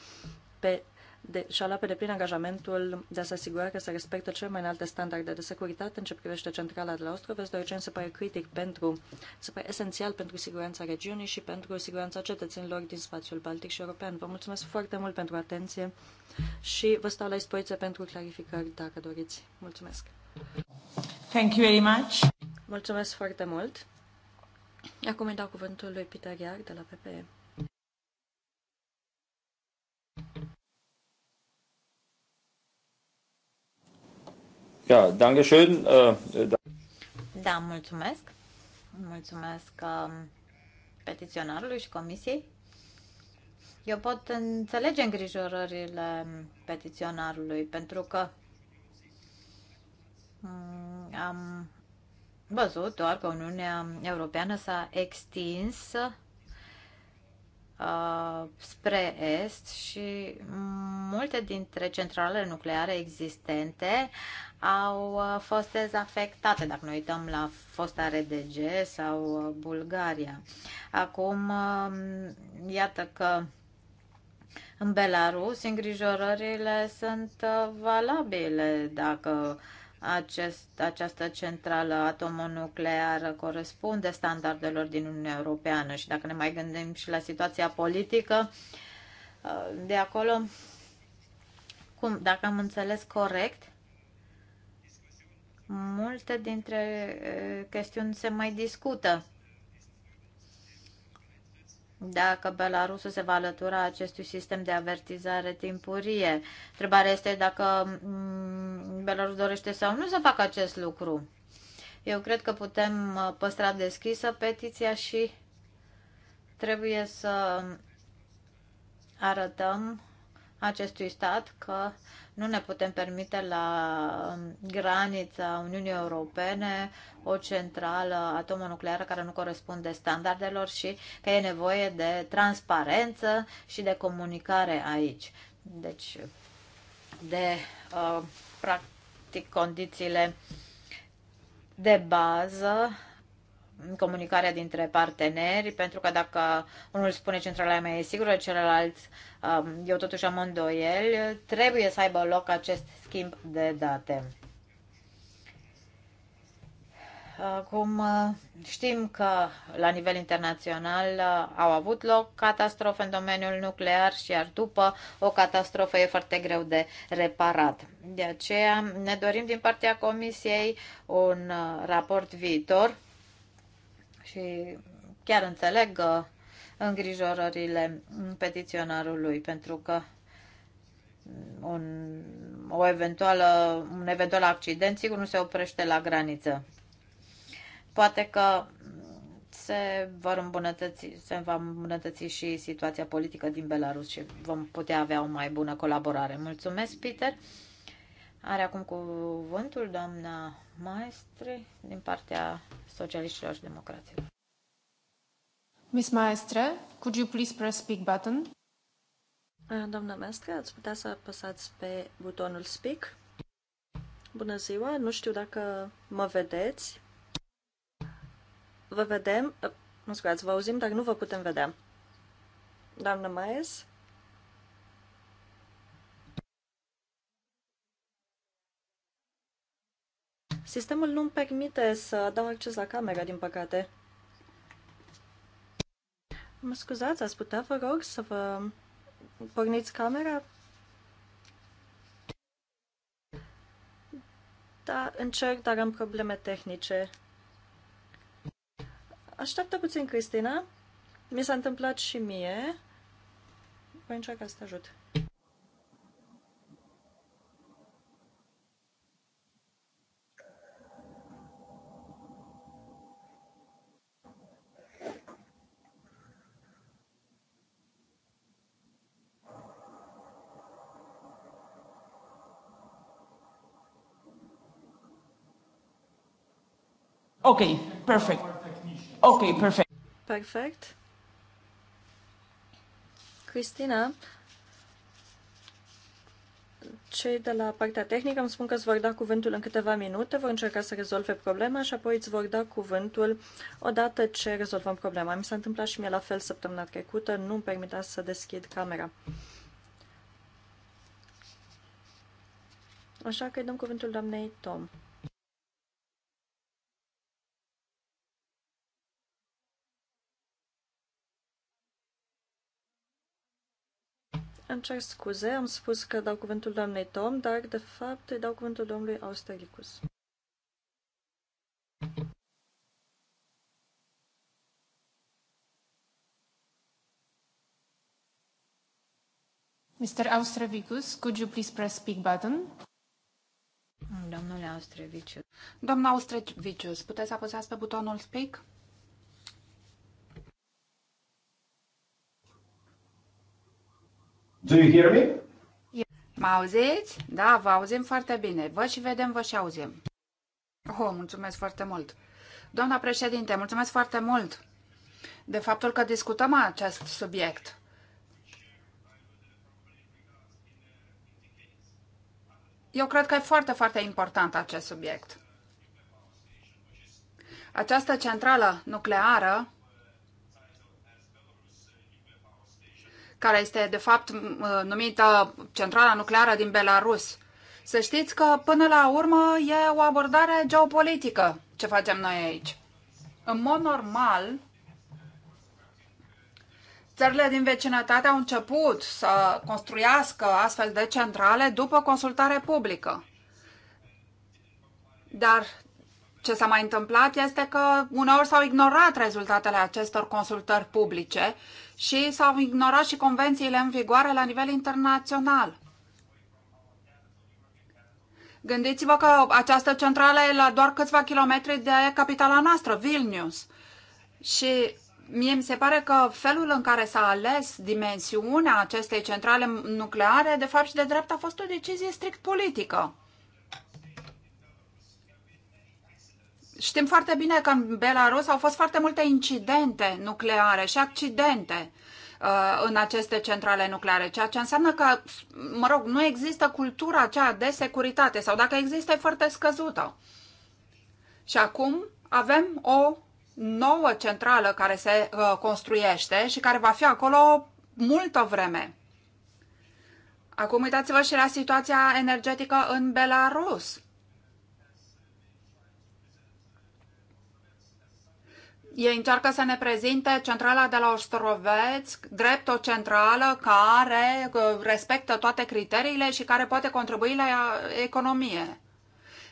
pe de, și-a luat pe deplin angajamentul de a se asigura că se respectă cele mai înalte standarde de securitate în ce privește centrala de la Ostrovesc, deoarece se pare critic pentru, se pare esențial pentru siguranța regiunii și pentru siguranța cetățenilor din spațiul baltic și european. Vă mulțumesc foarte mult pentru atenție și vă stau la dispoziție pentru clarificări dacă doriți. Mulțumesc! Thank you very much. Mulțumesc foarte mult! Acum îi dau cuvântul lui Peter Iar de la PPE. Äh, da, schön. Da, mulțumesc. Mulțumesc um, petiționarului și comisiei. Eu pot înțelege îngrijorările petiționarului pentru că mm, am văzut doar că Uniunea Europeană s-a extins Uh, spre est și multe dintre centralele nucleare existente au uh, fost dezafectate, dacă ne uităm la fosta RDG sau uh, Bulgaria. Acum, um, iată că în Belarus îngrijorările sunt valabile dacă uh, acest, această centrală atomonucleară corespunde standardelor din Uniunea Europeană și dacă ne mai gândim și la situația politică uh, de acolo, cum, dacă am înțeles corect, multe dintre uh, chestiuni se mai discută dacă Belarusul se va alătura acestui sistem de avertizare timpurie. Întrebarea este dacă mm, Belarus dorește sau nu să facă acest lucru. Eu cred că putem uh, păstra deschisă petiția și trebuie să arătăm acestui stat că nu ne putem permite la um, granița Uniunii Europene o centrală atomonucleară care nu corespunde standardelor și că e nevoie de transparență și de comunicare aici. Deci, de uh, practic condițiile de bază comunicarea dintre parteneri, pentru că dacă unul spune centrala mea e sigură, celălalt um, eu totuși am îndoieli, trebuie să aibă loc acest schimb de date. Acum uh, știm că la nivel internațional uh, au avut loc catastrofe în domeniul nuclear și iar după o catastrofă e foarte greu de reparat. De aceea ne dorim din partea Comisiei un uh, raport viitor și chiar înțeleg uh, îngrijorările petiționarului, pentru că un, o eventuală, un eventual accident sigur nu se oprește la graniță. Poate că se, vor îmbunătăți, se va îmbunătăți și situația politică din Belarus și vom putea avea o mai bună colaborare. Mulțumesc, Peter! Are acum cuvântul doamna Maestre din partea socialiștilor și democraților. Miss Maestre, could you please press speak button? Doamna Maestre, ați putea să apăsați pe butonul speak? Bună ziua, nu știu dacă mă vedeți. Vă vedem, ă, mă scuzați, vă auzim, dar nu vă putem vedea. Doamna maestre. Sistemul nu-mi permite să dau acces la camera, din păcate. Mă scuzați, ați putea, vă rog, să vă porniți camera? Da, încerc, dar am probleme tehnice. Așteaptă puțin, Cristina. Mi s-a întâmplat și mie. Voi încerca să te ajut. Okay, perfect. Okay, perfect. Perfect. Cristina, cei de la partea tehnică îmi spun că îți vor da cuvântul în câteva minute, vor încerca să rezolve problema și apoi îți vor da cuvântul odată ce rezolvăm problema. Mi s-a întâmplat și mie la fel săptămâna trecută, nu îmi permitea să deschid camera. Așa că îi dăm cuvântul doamnei Tom. Îmi cer scuze, am spus că dau cuvântul doamnei Tom, dar de fapt îi dau cuvântul domnului Austericus. Mr. Austrevicus, could you please press speak button? Domnule Austrevicius. Domnul Austrevicius, puteți apăsați pe butonul speak? Do you hear me? Mă auziți? Da, vă auzim foarte bine. Vă și vedem, vă și auzim. Oh, mulțumesc foarte mult. Doamna președinte, mulțumesc foarte mult de faptul că discutăm acest subiect. Eu cred că e foarte, foarte important acest subiect. Această centrală nucleară care este de fapt uh, numită centrala nucleară din Belarus. Să știți că până la urmă e o abordare geopolitică ce facem noi aici. În mod normal, țările din vecinătate au început să construiască astfel de centrale după consultare publică. Dar ce s-a mai întâmplat este că uneori s-au ignorat rezultatele acestor consultări publice și s-au ignorat și convențiile în vigoare la nivel internațional. Gândiți-vă că această centrală e la doar câțiva kilometri de capitala noastră, Vilnius. Și mie mi se pare că felul în care s-a ales dimensiunea acestei centrale nucleare, de fapt și de drept, a fost o decizie strict politică. Știm foarte bine că în Belarus au fost foarte multe incidente nucleare și accidente uh, în aceste centrale nucleare, ceea ce înseamnă că, mă rog, nu există cultura aceea de securitate sau dacă există e foarte scăzută. Și acum avem o nouă centrală care se uh, construiește și care va fi acolo multă vreme. Acum uitați-vă și la situația energetică în Belarus. ei încearcă să ne prezinte centrala de la Ostoroveț drept o centrală care uh, respectă toate criteriile și care poate contribui la uh, economie.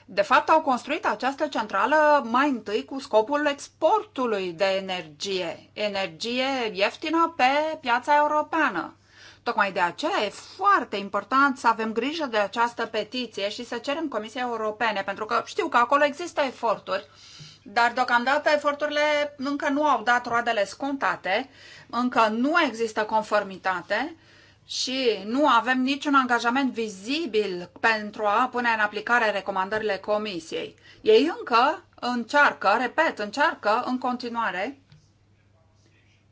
De fapt, au construit această centrală mai întâi cu scopul exportului de energie, energie ieftină pe piața europeană. Tocmai de aceea e foarte important să avem grijă de această petiție și să cerem Comisiei Europene, pentru că știu că acolo există eforturi dar deocamdată eforturile încă nu au dat roadele scontate, încă nu există conformitate și nu avem niciun angajament vizibil pentru a pune în aplicare recomandările comisiei. Ei încă încearcă, repet, încearcă în continuare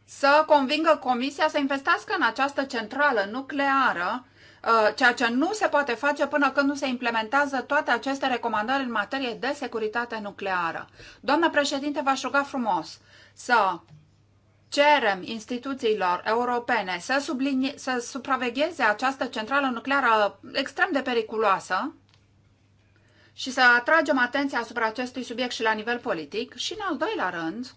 să convingă comisia să investească în această centrală nucleară Uh, ceea ce nu se poate face până când nu se implementează toate aceste recomandări în materie de securitate nucleară. Doamna președinte, v-aș ruga frumos să cerem instituțiilor europene să, sublinie, să supravegheze această centrală nucleară extrem de periculoasă și să atragem atenția asupra acestui subiect și la nivel politic și, în al doilea rând,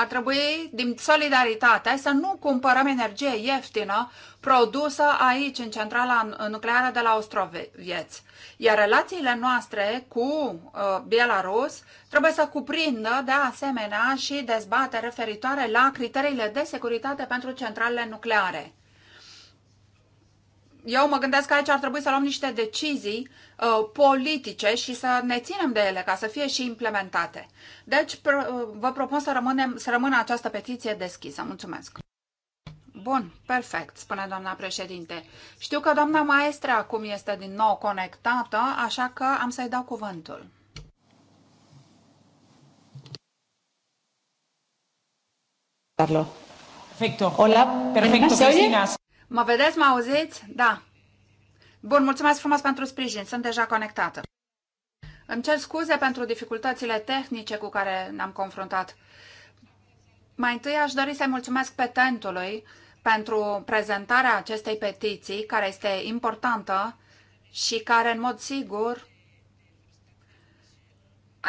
ar trebui, din solidaritate, să nu cumpărăm energie ieftină produsă aici, în centrala nucleară de la Ostrovieț. Iar relațiile noastre cu uh, Belarus trebuie să cuprindă, de asemenea, și dezbatere referitoare la criteriile de securitate pentru centralele nucleare eu mă gândesc că aici ar trebui să luăm niște decizii uh, politice și să ne ținem de ele ca să fie și implementate. Deci pr- uh, vă propun să, rămânem, să rămână această petiție deschisă. Mulțumesc! Bun, perfect, spune doamna președinte. Știu că doamna maestră acum este din nou conectată, așa că am să-i dau cuvântul. Carlo. Perfecto. Hola, perfecto, Cristina. Mă vedeți, mă auziți? Da. Bun, mulțumesc frumos pentru sprijin. Sunt deja conectată. Îmi cer scuze pentru dificultățile tehnice cu care ne-am confruntat. Mai întâi aș dori să-i mulțumesc petentului pentru prezentarea acestei petiții, care este importantă și care, în mod sigur,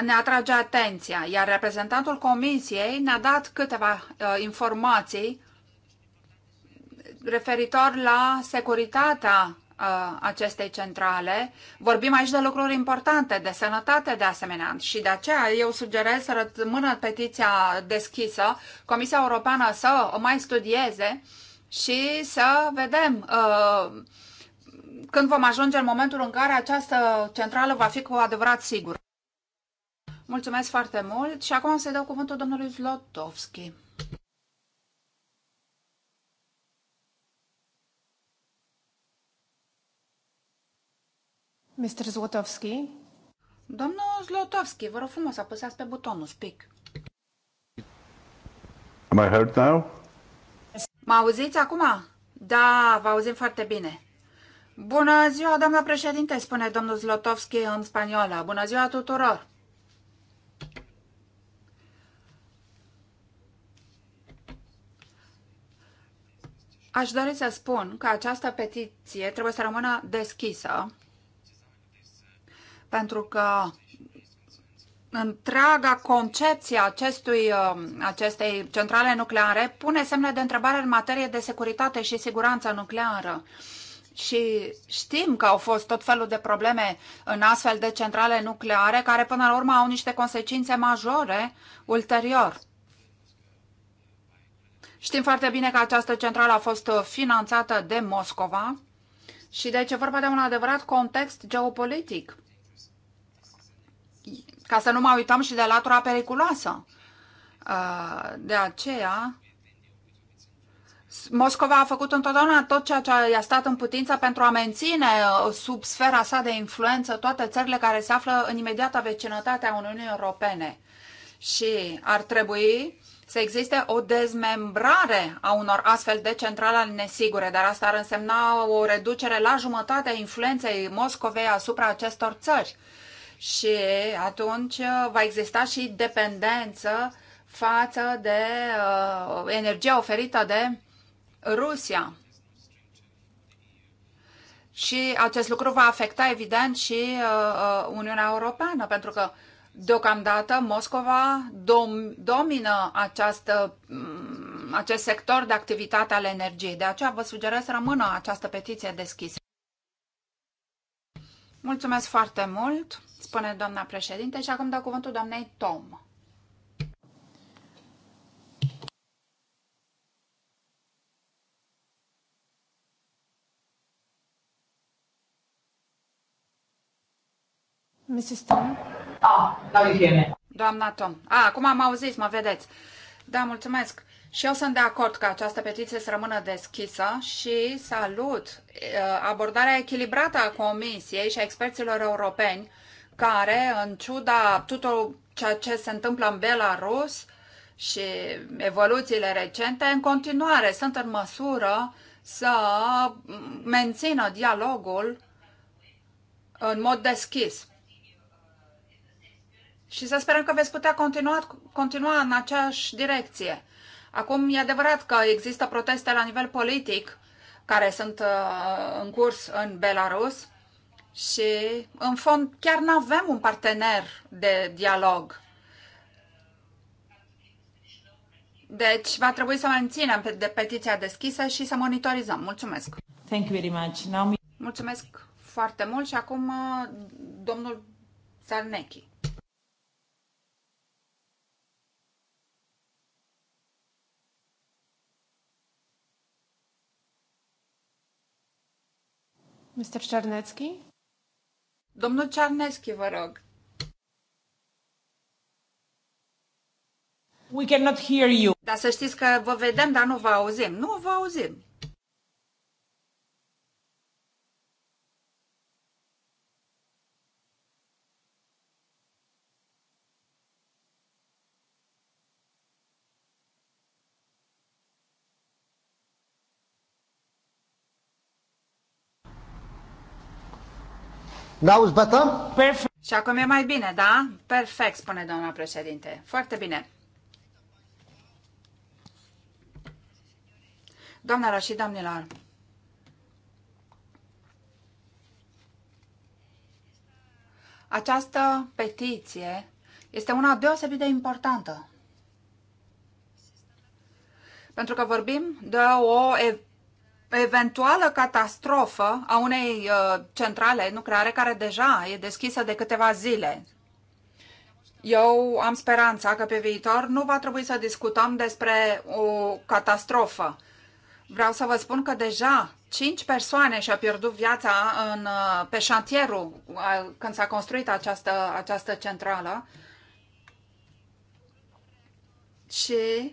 ne atrage atenția, iar reprezentantul comisiei ne-a dat câteva uh, informații referitor la securitatea uh, acestei centrale. Vorbim aici de lucruri importante, de sănătate de asemenea și de aceea eu sugerez să rămână petiția deschisă, Comisia Europeană să o mai studieze și să vedem uh, când vom ajunge în momentul în care această centrală va fi cu adevărat sigură. Mulțumesc foarte mult și acum să-i dau cuvântul domnului Zlotovski. Mr. Zlotowski. Domnul Zlotowski, vă rog frumos, apăsați pe butonul speak. Am I heard now? Mă auziți acum? Da, vă auzim foarte bine. Bună ziua, doamna președinte, spune domnul Zlotowski în spaniola. Bună ziua tuturor! Aș dori să spun că această petiție trebuie să rămână deschisă pentru că întreaga concepție acestui, um, acestei centrale nucleare pune semne de întrebare în materie de securitate și siguranță nucleară. Și știm că au fost tot felul de probleme în astfel de centrale nucleare, care până la urmă au niște consecințe majore ulterior. Știm foarte bine că această centrală a fost finanțată de Moscova și deci e vorba de un adevărat context geopolitic ca să nu mai uităm și de latura periculoasă. Uh, de aceea, Moscova a făcut întotdeauna tot ceea ce i-a stat în putință pentru a menține uh, sub sfera sa de influență toate țările care se află în imediata vecinătate a Uniunii Europene. Și ar trebui să existe o dezmembrare a unor astfel de centrale nesigure, dar asta ar însemna o reducere la jumătate a influenței Moscovei asupra acestor țări și atunci uh, va exista și dependență față de uh, energia oferită de Rusia. Și acest lucru va afecta, evident, și uh, uh Uniunea Europeană, pentru că deocamdată Moscova dom- domină această, um, uh, acest sector de activitate al energiei. De aceea vă sugerez să rămână această petiție deschisă. Mulțumesc foarte mult! spune doamna președinte și acum dau cuvântul doamnei Tom. Mrs. Tom? Ah, Doamna Tom. Ah, acum am auzit, mă vedeți. Da, mulțumesc. Și eu sunt de acord că această petiție să rămână deschisă și salut uh, abordarea echilibrată a Comisiei și a experților europeni care, în ciuda tuturor ceea ce se întâmplă în Belarus și evoluțiile recente, în continuare sunt în măsură să mențină dialogul în mod deschis. Și să sperăm că veți putea continua, continua în aceeași direcție. Acum, e adevărat că există proteste la nivel politic care sunt uh, în curs în Belarus, și, în fond, chiar nu avem un partener de dialog. Deci, va trebui să menținem de petiția deschisă și să monitorizăm. Mulțumesc! Thank you very much. Now... Mulțumesc foarte mult și acum uh, domnul Zarnechi. Mr. Czarnecki? Domnul Cerneschi, vă rog. We cannot hear you. Dar să știți că vă vedem, dar nu vă auzim. Nu vă auzim. N-auzi, băta? Perfect. Și acum e mai bine, da? Perfect, spune doamna președinte. Foarte bine. Doamnelor și domnilor, această petiție este una deosebit de importantă. Pentru că vorbim de o eventuală catastrofă a unei uh, centrale nucleare care deja e deschisă de câteva zile. Eu am speranța că pe viitor nu va trebui să discutăm despre o catastrofă. Vreau să vă spun că deja cinci persoane și-au pierdut viața în, uh, pe șantierul uh, când s-a construit această, această centrală. Și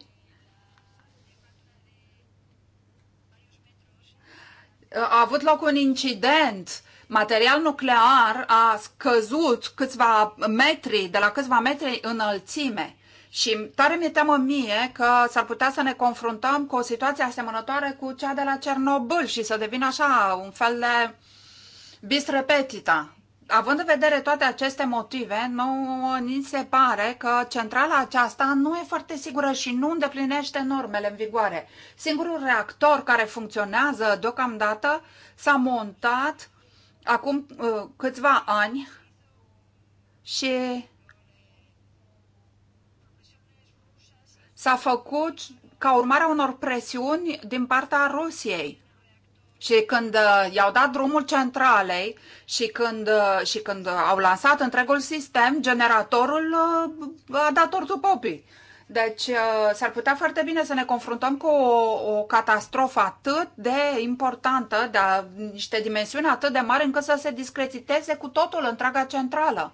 a avut loc un incident material nuclear a scăzut câțiva metri, de la câțiva metri înălțime. Și tare mi-e teamă mie că s-ar putea să ne confruntăm cu o situație asemănătoare cu cea de la Cernobâl și să devină așa un fel de bis repetita având în vedere toate aceste motive, nu ni se pare că centrala aceasta nu e foarte sigură și nu îndeplinește normele în vigoare. Singurul reactor care funcționează deocamdată s-a montat acum uh, câțiva ani și s-a făcut ca urmare a unor presiuni din partea Rusiei. Și când uh, i-au dat drumul centralei și când, uh, și când au lansat întregul sistem, generatorul uh, a dat tortul popii. Deci s-ar putea foarte bine să ne confruntăm cu o, o catastrofă atât de importantă, de a, niște dimensiuni atât de mari încât să se discrețiteze cu totul întreaga centrală.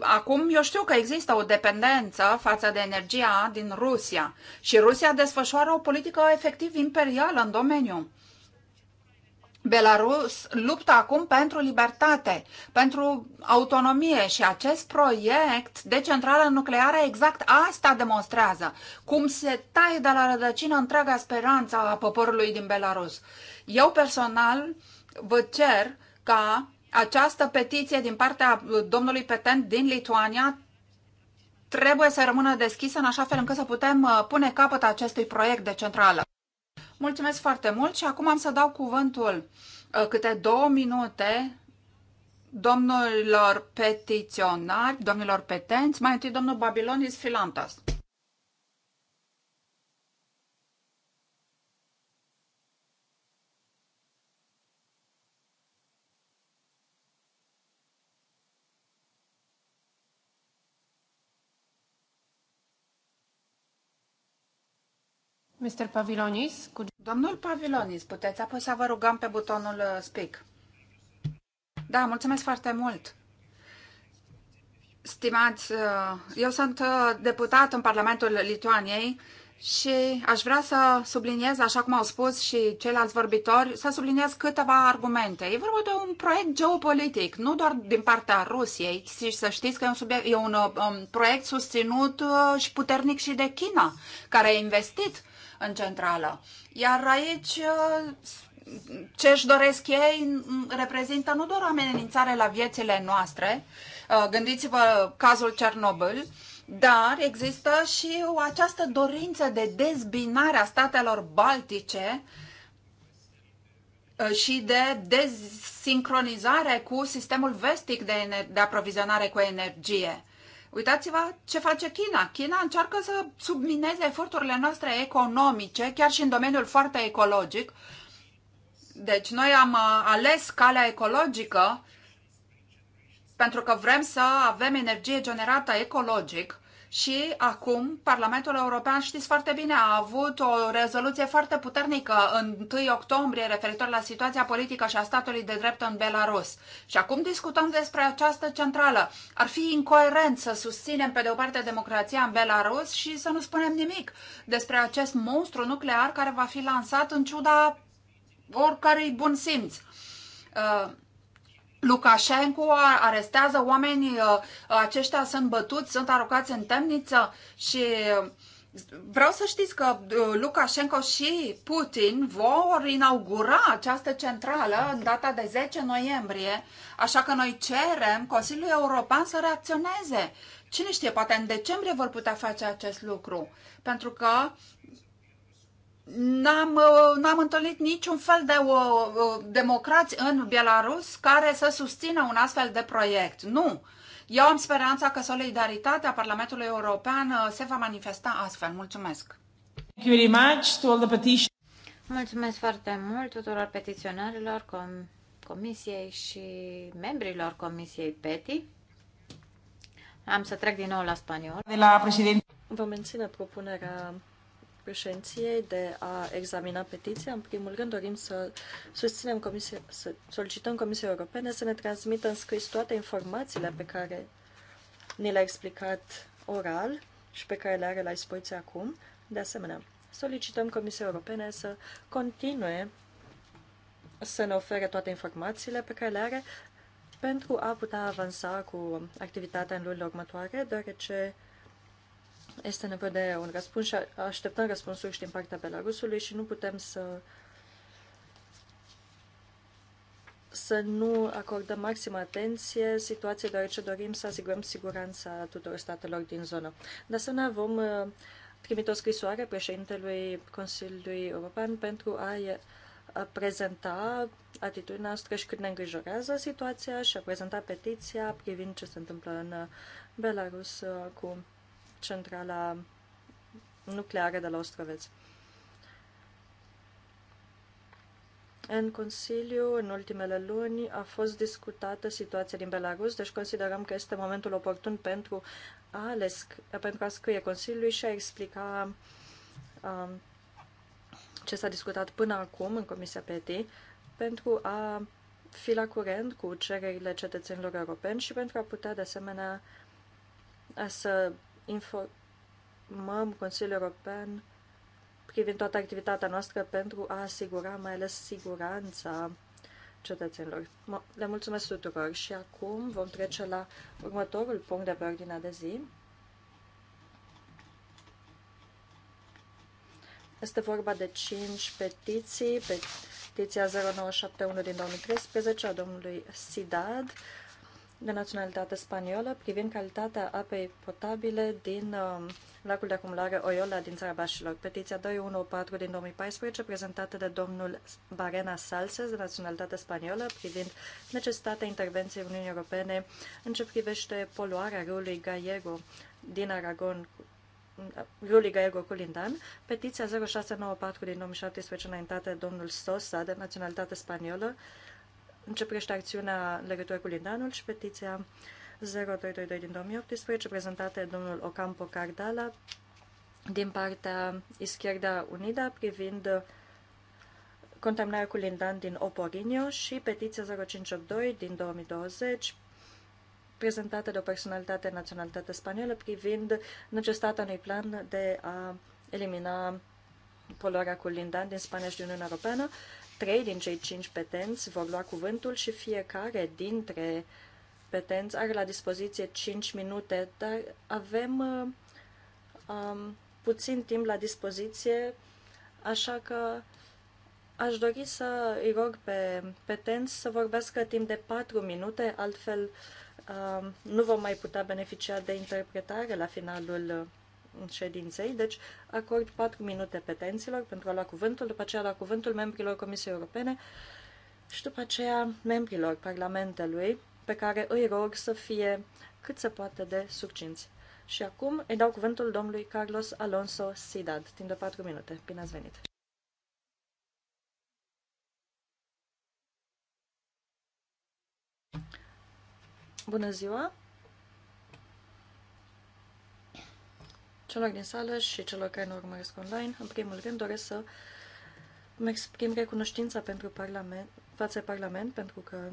Acum eu știu că există o dependență față de energia din Rusia și Rusia desfășoară o politică efectiv imperială în domeniu. Belarus luptă acum pentru libertate, pentru autonomie și acest proiect de centrală nucleară exact asta demonstrează, cum se taie de la rădăcină întreaga speranță a poporului din Belarus. Eu personal vă cer ca această petiție din partea domnului Petent din Lituania trebuie să rămână deschisă în așa fel încât să putem uh, pune capăt acestui proiect de centrală. Mulțumesc foarte mult și acum am să dau cuvântul uh, câte două minute domnilor petiționari, domnilor petenți, mai întâi domnul Babilonis Filantas. Mr. Pavilonis, could... Domnul Pavilonis, puteți apoi să vă rugăm pe butonul uh, speak. Da, mulțumesc foarte mult. Stimați, uh, eu sunt uh, deputat în Parlamentul Lituaniei și aș vrea să subliniez, așa cum au spus și ceilalți vorbitori, să subliniez câteva argumente. E vorba de un proiect geopolitic, nu doar din partea Rusiei, și să știți că e un, subiect, e un um, proiect susținut și puternic și de China, care a investit uh, în centrală. Iar aici ce își doresc ei reprezintă nu doar o amenințare la viețile noastre, uh, gândiți-vă cazul Cernobâl, dar există și această dorință de dezbinare a statelor baltice uh, și de dezsincronizare cu sistemul vestic de, de aprovizionare cu energie. Uitați-vă ce face China. China încearcă să submineze eforturile noastre economice, chiar și în domeniul foarte ecologic. Deci noi am uh, ales calea ecologică pentru că vrem să avem energie generată ecologic și acum Parlamentul European, știți foarte bine, a avut o rezoluție foarte puternică în 1 octombrie referitor la situația politică și a statului de drept în Belarus. Și acum discutăm despre această centrală. Ar fi incoerent să susținem pe de o parte democrația în Belarus și să nu spunem nimic despre acest monstru nuclear care va fi lansat în ciuda oricărui bun simț. Uh, Lukashenko arestează oamenii, uh, aceștia sunt bătuți, sunt aruncați în temniță și uh, vreau să știți că uh, Lukashenko și Putin vor inaugura această centrală în data de 10 noiembrie, așa că noi cerem Consiliul European să reacționeze. Cine știe, poate în decembrie vor putea face acest lucru, pentru că N-am, uh, n-am întâlnit niciun fel de o, uh, o, uh, democrați în Belarus care să susțină un astfel de proiect. Nu! Eu am speranța că solidaritatea Parlamentului European se va manifesta astfel. Mulțumesc! Thank you very much to all the petition. Mulțumesc foarte mult tuturor petiționarilor, com- comisiei și membrilor comisiei PETI. Am să trec din nou la spaniol. De la președinte. Vă menține propunerea președinției de a examina petiția. În primul rând dorim să susținem comisie, să solicităm Comisiei Europene să ne transmită în scris toate informațiile pe care ni le-a explicat oral și pe care le are la dispoziție acum. De asemenea, solicităm Comisiei Europene să continue să ne ofere toate informațiile pe care le are pentru a putea avansa cu activitatea în lunile următoare, deoarece este nevoie de un răspuns și așteptăm răspunsuri și din partea Belarusului și nu putem să să nu acordăm maximă atenție situației, deoarece dorim să asigurăm siguranța tuturor statelor din zonă. De asemenea, vom uh, trimite o scrisoare președintelui Consiliului European pentru a prezenta atitudinea noastră și cât ne îngrijorează situația și a prezenta petiția privind ce se întâmplă în Belarus uh, cu centrala nucleară de la Ostroveț. În Consiliu, în ultimele luni, a fost discutată situația din Belarus, deci considerăm că este momentul oportun pentru a, le sc- pentru a scrie Consiliului și a explica um, ce s-a discutat până acum în Comisia PETI pentru a fi la curent cu cererile cetățenilor europeni și pentru a putea, de asemenea, să informăm Consiliul European privind toată activitatea noastră pentru a asigura mai ales siguranța cetățenilor. Le mulțumesc tuturor și acum vom trece la următorul punct de pe ordinea de zi. Este vorba de 5 petiții, petiția 0971 din 2013 a domnului Sidad, de naționalitate spaniolă privind calitatea apei potabile din uh, lacul de acumulare Oiola din țara Bașilor. Petiția 214 din 2014, prezentată de domnul Barena Salses, de naționalitate spaniolă, privind necesitatea intervenției Uniunii Europene în ce privește poluarea râului Gallego din Aragon Rului Gaego Culindan, petiția 0694 din 2017 înaintată de domnul Sosa, de naționalitate spaniolă, începește acțiunea în legătură cu Lindanul și petiția 0222 din 2018, prezentată de domnul Ocampo Cardala din partea Ischierda Unida privind contaminarea cu lindan din Oporinio și petiția 0582 din 2020 prezentată de o personalitate naționalitate spaniolă privind necesitatea unui plan de a elimina poluarea cu lindan din Spania și din Uniunea Europeană Trei din cei cinci petenți vor lua cuvântul și fiecare dintre petenți are la dispoziție 5 minute, dar avem uh, um, puțin timp la dispoziție, așa că aș dori să îi rog pe petenți să vorbească timp de 4 minute, altfel uh, nu vom mai putea beneficia de interpretare la finalul ședinței, deci acord 4 minute petenților pentru a lua cuvântul, după aceea la cuvântul membrilor Comisiei Europene și după aceea membrilor Parlamentului, pe care îi rog să fie cât se poate de succinți. Și acum îi dau cuvântul domnului Carlos Alonso Sidad, timp de 4 minute. Bine ați venit! Bună ziua! celor din sală și celor care ne urmăresc online. În primul rând doresc să îmi exprim recunoștința pentru parlament, față Parlament, pentru că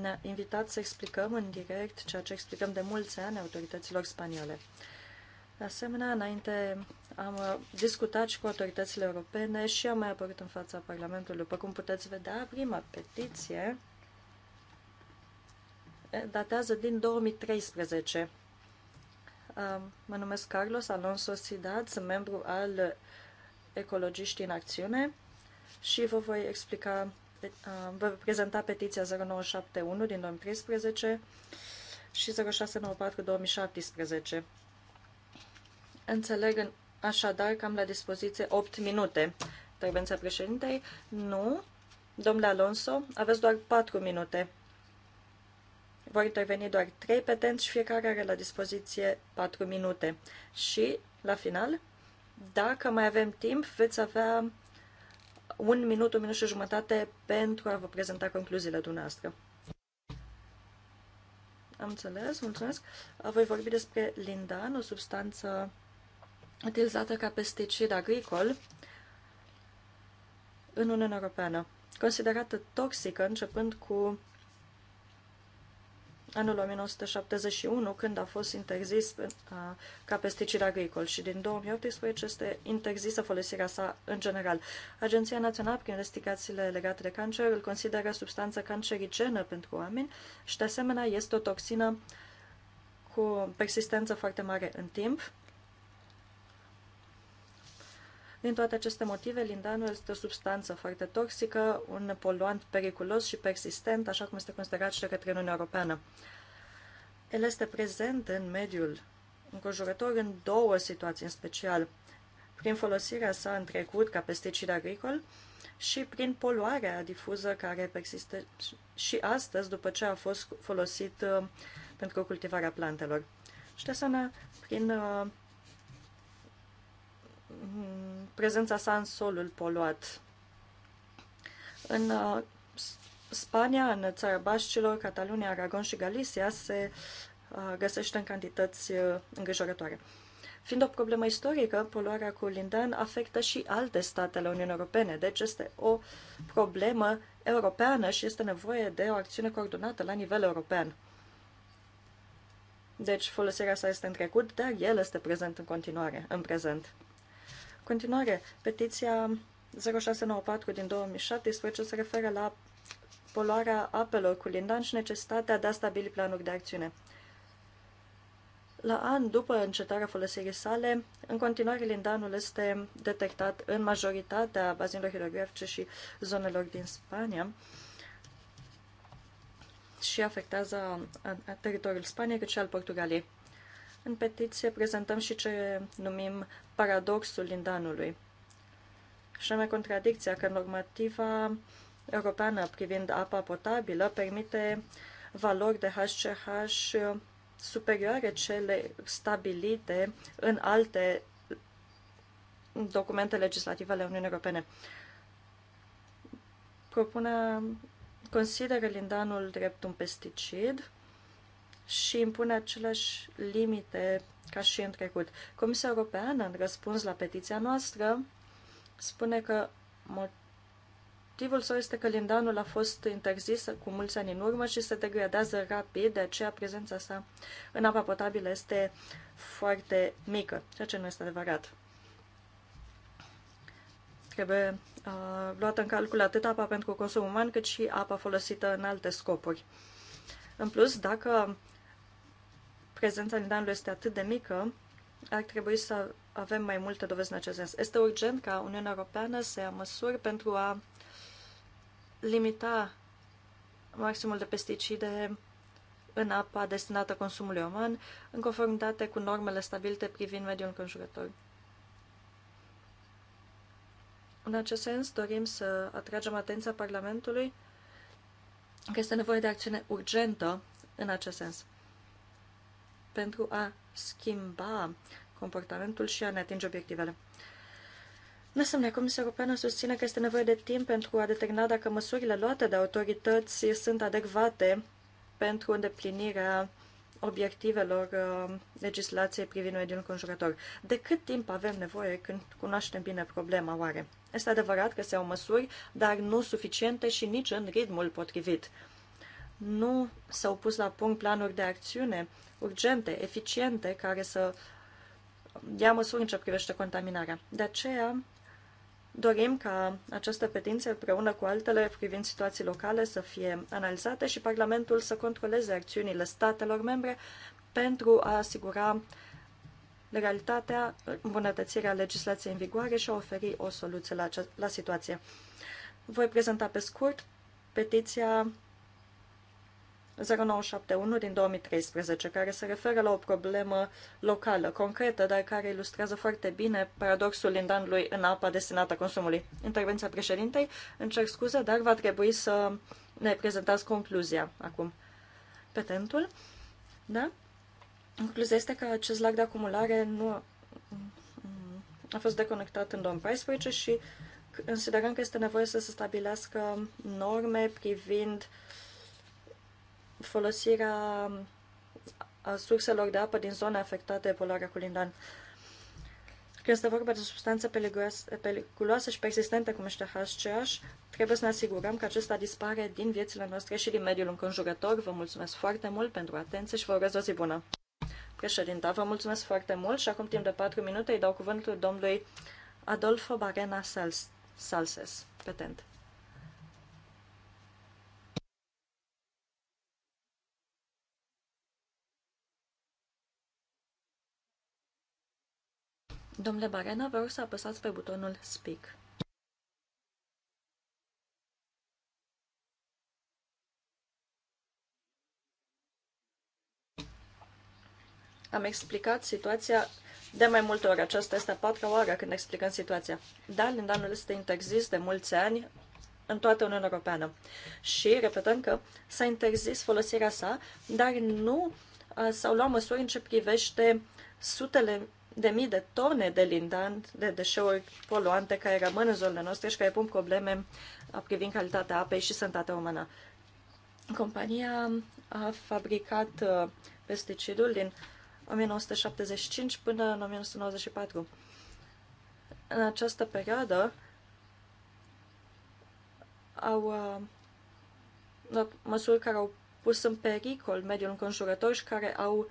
ne-a invitat să explicăm în direct ceea ce explicăm de mulți ani autorităților spaniole. De asemenea, înainte am uh, discutat și cu autoritățile europene și am mai apărut în fața Parlamentului. După cum puteți vedea, prima petiție eh, datează din 2013 Mă numesc Carlos Alonso Sidad, sunt membru al Ecologiștii în Acțiune și vă voi explica, vă prezenta petiția 0971 din 2013 și 0694 2017. Înțeleg în așadar că am la dispoziție 8 minute. Intervenția președintei? Nu. Domnule Alonso, aveți doar 4 minute. Vor interveni doar trei petenți și fiecare are la dispoziție 4 minute. Și, la final, dacă mai avem timp, veți avea un minut, un minut și jumătate pentru a vă prezenta concluziile dumneavoastră. Am înțeles, mulțumesc. Voi vorbi despre lindan, o substanță utilizată ca pesticid agricol în Uniunea Europeană, considerată toxică începând cu anul 1971, când a fost interzis uh, ca pesticid agricol și din 2018 este interzisă folosirea sa în general. Agenția Națională prin investigațiile legate de cancer îl consideră substanță cancerigenă pentru oameni și de asemenea este o toxină cu persistență foarte mare în timp din toate aceste motive, lindanul este o substanță foarte toxică, un poluant periculos și persistent, așa cum este considerat și de către Uniunea Europeană. El este prezent în mediul înconjurător în două situații în special. Prin folosirea sa în trecut ca pesticid agricol și prin poluarea difuză care persistă și astăzi după ce a fost folosit uh, pentru cultivarea plantelor. Și de asemenea, prin uh, prezența sa în solul poluat. În uh, Spania, în țara Bașcilor, Catalunia, Aragon și Galicia se uh, găsește în cantități uh, îngrijorătoare. Fiind o problemă istorică, poluarea cu lindan afectă și alte state ale Uniunii Europene, deci este o problemă europeană și este nevoie de o acțiune coordonată la nivel european. Deci folosirea sa este în trecut, dar el este prezent în continuare, în prezent continuare, petiția 0694 din 2017 se referă la poluarea apelor cu lindan și necesitatea de a stabili planuri de acțiune. La an după încetarea folosirii sale, în continuare lindanul este detectat în majoritatea bazinilor hidrografice și zonelor din Spania și afectează teritoriul Spaniei cât și al Portugaliei. În petiție prezentăm și ce numim paradoxul lindanului, și anume contradicția că normativa europeană privind apa potabilă permite valori de HCH superioare cele stabilite în alte documente legislative ale Uniunii Europene. Propune, consideră lindanul drept un pesticid și impune aceleași limite ca și în trecut. Comisia Europeană, în răspuns la petiția noastră, spune că motivul său este că lindanul a fost interzis cu mulți ani în urmă și se degradează rapid, de aceea prezența sa în apa potabilă este foarte mică, ceea ce nu este adevărat. Trebuie uh, luată în calcul atât apa pentru consum uman, cât și apa folosită în alte scopuri. În plus, dacă prezența în Danul este atât de mică, ar trebui să avem mai multe dovezi în acest sens. Este urgent ca Uniunea Europeană să ia măsuri pentru a limita maximul de pesticide în apa destinată consumului uman, în conformitate cu normele stabilite privind mediul înconjurător. În acest sens, dorim să atragem atenția Parlamentului că este nevoie de acțiune urgentă în acest sens pentru a schimba comportamentul și a ne atinge obiectivele. De asemenea, Comisia Europeană susține că este nevoie de timp pentru a determina dacă măsurile luate de autorități sunt adecvate pentru îndeplinirea obiectivelor uh, legislației privind mediul înconjurător. De cât timp avem nevoie când cunoaștem bine problema, oare? Este adevărat că se au măsuri, dar nu suficiente și nici în ritmul potrivit nu s-au pus la punct planuri de acțiune urgente, eficiente, care să ia măsuri în ce privește contaminarea. De aceea, dorim ca aceste petințe, împreună cu altele privind situații locale, să fie analizate și Parlamentul să controleze acțiunile statelor membre pentru a asigura legalitatea, îmbunătățirea legislației în vigoare și a oferi o soluție la, la situație. Voi prezenta pe scurt petiția 0971 din 2013, care se referă la o problemă locală, concretă, dar care ilustrează foarte bine paradoxul lindanului în apa destinată consumului. Intervenția președintei, încerc scuze, dar va trebui să ne prezentați concluzia acum. Petentul, da? Concluzia este că acest lac de acumulare nu a, a fost deconectat în 2014 și considerăm că este nevoie să se stabilească norme privind uh, folosirea surselor de apă din zone afectate de poluarea cu lindan. Când este vorba de substanțe periculoase și persistente, cum este HCH, trebuie să ne asigurăm că acesta dispare din viețile noastre și din mediul înconjurător. Vă mulțumesc foarte mult pentru atenție și vă urez o zi bună. Președinta, vă mulțumesc foarte mult și acum timp de 4 minute îi dau cuvântul domnului Adolfo Barena Salses, petent. Domnule Barena, vă rog să apăsați pe butonul Speak. Am explicat situația de mai multe ori. Aceasta este a patra oară când explicăm situația. Dar lindanul este interzis de mulți ani în toată Uniunea Europeană. Și repetăm că s-a interzis folosirea sa, dar nu s-au luat măsuri în ce privește sutele de mii de tone de lindan de deșeuri poluante care rămân în zonele noastre și care pun probleme privind calitatea apei și sănătatea umană. Compania a fabricat uh, pesticidul din 1975 până în 1994. În această perioadă au uh, măsuri care au pus în pericol mediul înconjurător și care au uh,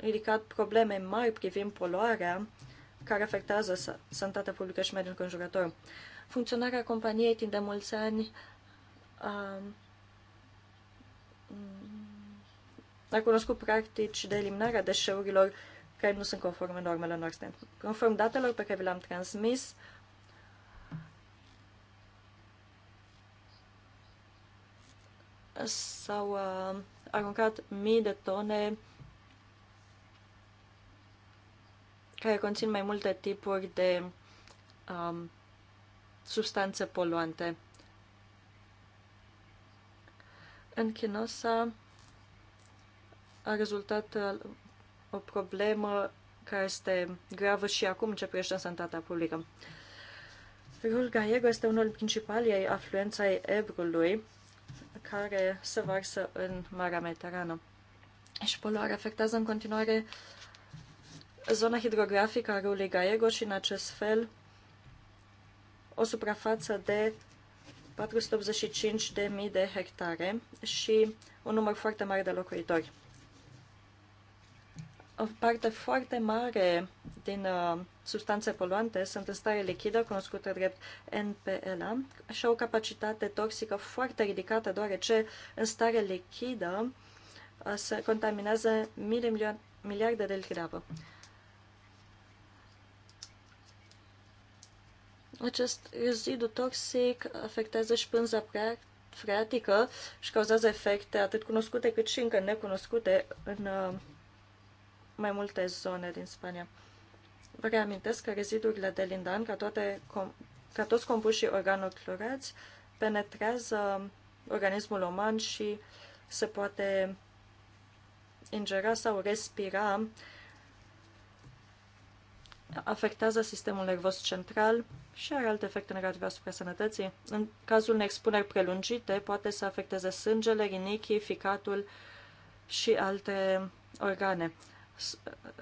ridicat probleme mari privind poluarea care afectează sănătatea publică și mediul conjurător. Funcționarea companiei timp de mulți ani a, a cunoscut practici de eliminare a deșeurilor care nu sunt conforme normelor noastre. Conform datelor pe care vi le-am transmis, s-au uh, aruncat mii de tone care conțin mai multe tipuri de um, substanțe poluante. În Chinosa a rezultat uh, o problemă care este gravă și acum ce privește în sănătatea publică. Râul Gallego este unul principalii afluenți ai Ebrului, care se varsă în Marea Mediterană. Și poluarea afectează în continuare zona hidrografică a râului Gallego și în acest fel o suprafață de 485.000 de de hectare și un număr foarte mare de locuitori. O parte foarte mare din uh, substanțe poluante sunt în stare lichidă, cunoscută drept NPLA, și au o capacitate toxică foarte ridicată, deoarece în stare lichidă uh, se contaminează mili, milioane, miliarde de litri de apă. Acest rezidu toxic afectează și pânza freatică și cauzează efecte atât cunoscute cât și încă necunoscute în uh, mai multe zone din Spania. Vă reamintesc că rezidurile de lindan, ca, toate, ca toți compușii organoclorați, penetrează organismul uman și se poate ingera sau respira afectează sistemul nervos central și are alte efecte negative asupra sănătății. În cazul unei expuneri prelungite, poate să afecteze sângele, rinichii, ficatul și alte organe.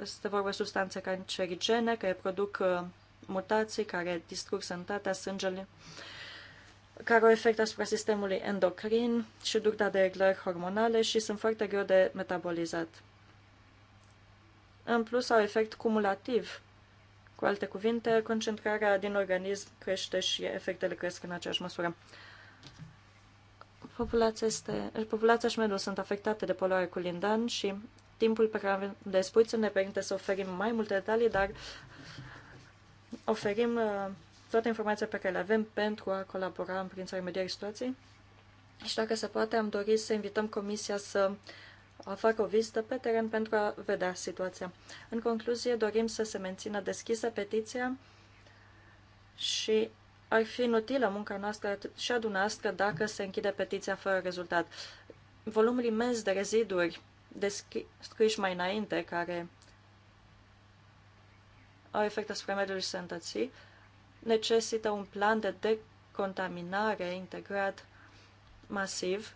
Este vorba de substanțe cancerigene care produc uh, mutații care distrug sănătatea sângele, care au efect asupra sistemului endocrin și duc de reglări hormonale și sunt foarte greu de metabolizat. În plus, au efect cumulativ cu alte cuvinte, concentrarea din organism crește și efectele cresc în aceeași măsură. Populația, este, populația și mediul sunt afectate de poluare cu lindan și timpul pe care de dispoziție ne permite să oferim mai multe detalii, dar oferim uh, toată informația pe care le avem pentru a colabora în prința remediarii situației. Și dacă se poate, am dorit să invităm Comisia să a fac o vizită pe teren pentru a vedea situația. În concluzie, dorim să se mențină deschisă petiția și ar fi inutilă munca noastră și a dumneavoastră dacă se închide petiția fără rezultat. Volumul imens de reziduri descriși mai înainte, care au efect asupra mediului sănătății, necesită un plan de decontaminare integrat masiv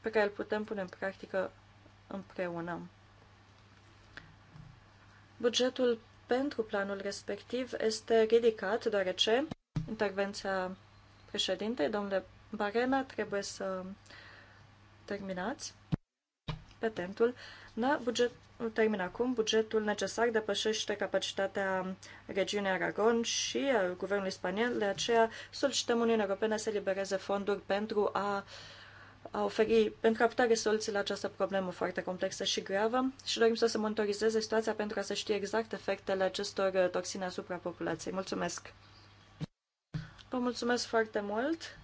pe care îl putem pune în practică împreună. Bugetul pentru planul respectiv este ridicat, deoarece intervenția președintei, domnule Barena, trebuie să terminați petentul. Da, buget, termin acum, bugetul necesar depășește capacitatea regiunii Aragon și a guvernului spaniol, de aceea solicităm Uniunea Europeană să libereze fonduri pentru a uh, a oferi, pentru a putea resoluții la această problemă foarte complexă și gravă și dorim să se monitorizeze situația pentru a se ști exact efectele acestor uh, toxine asupra populației. Mulțumesc! Vă mulțumesc foarte mult!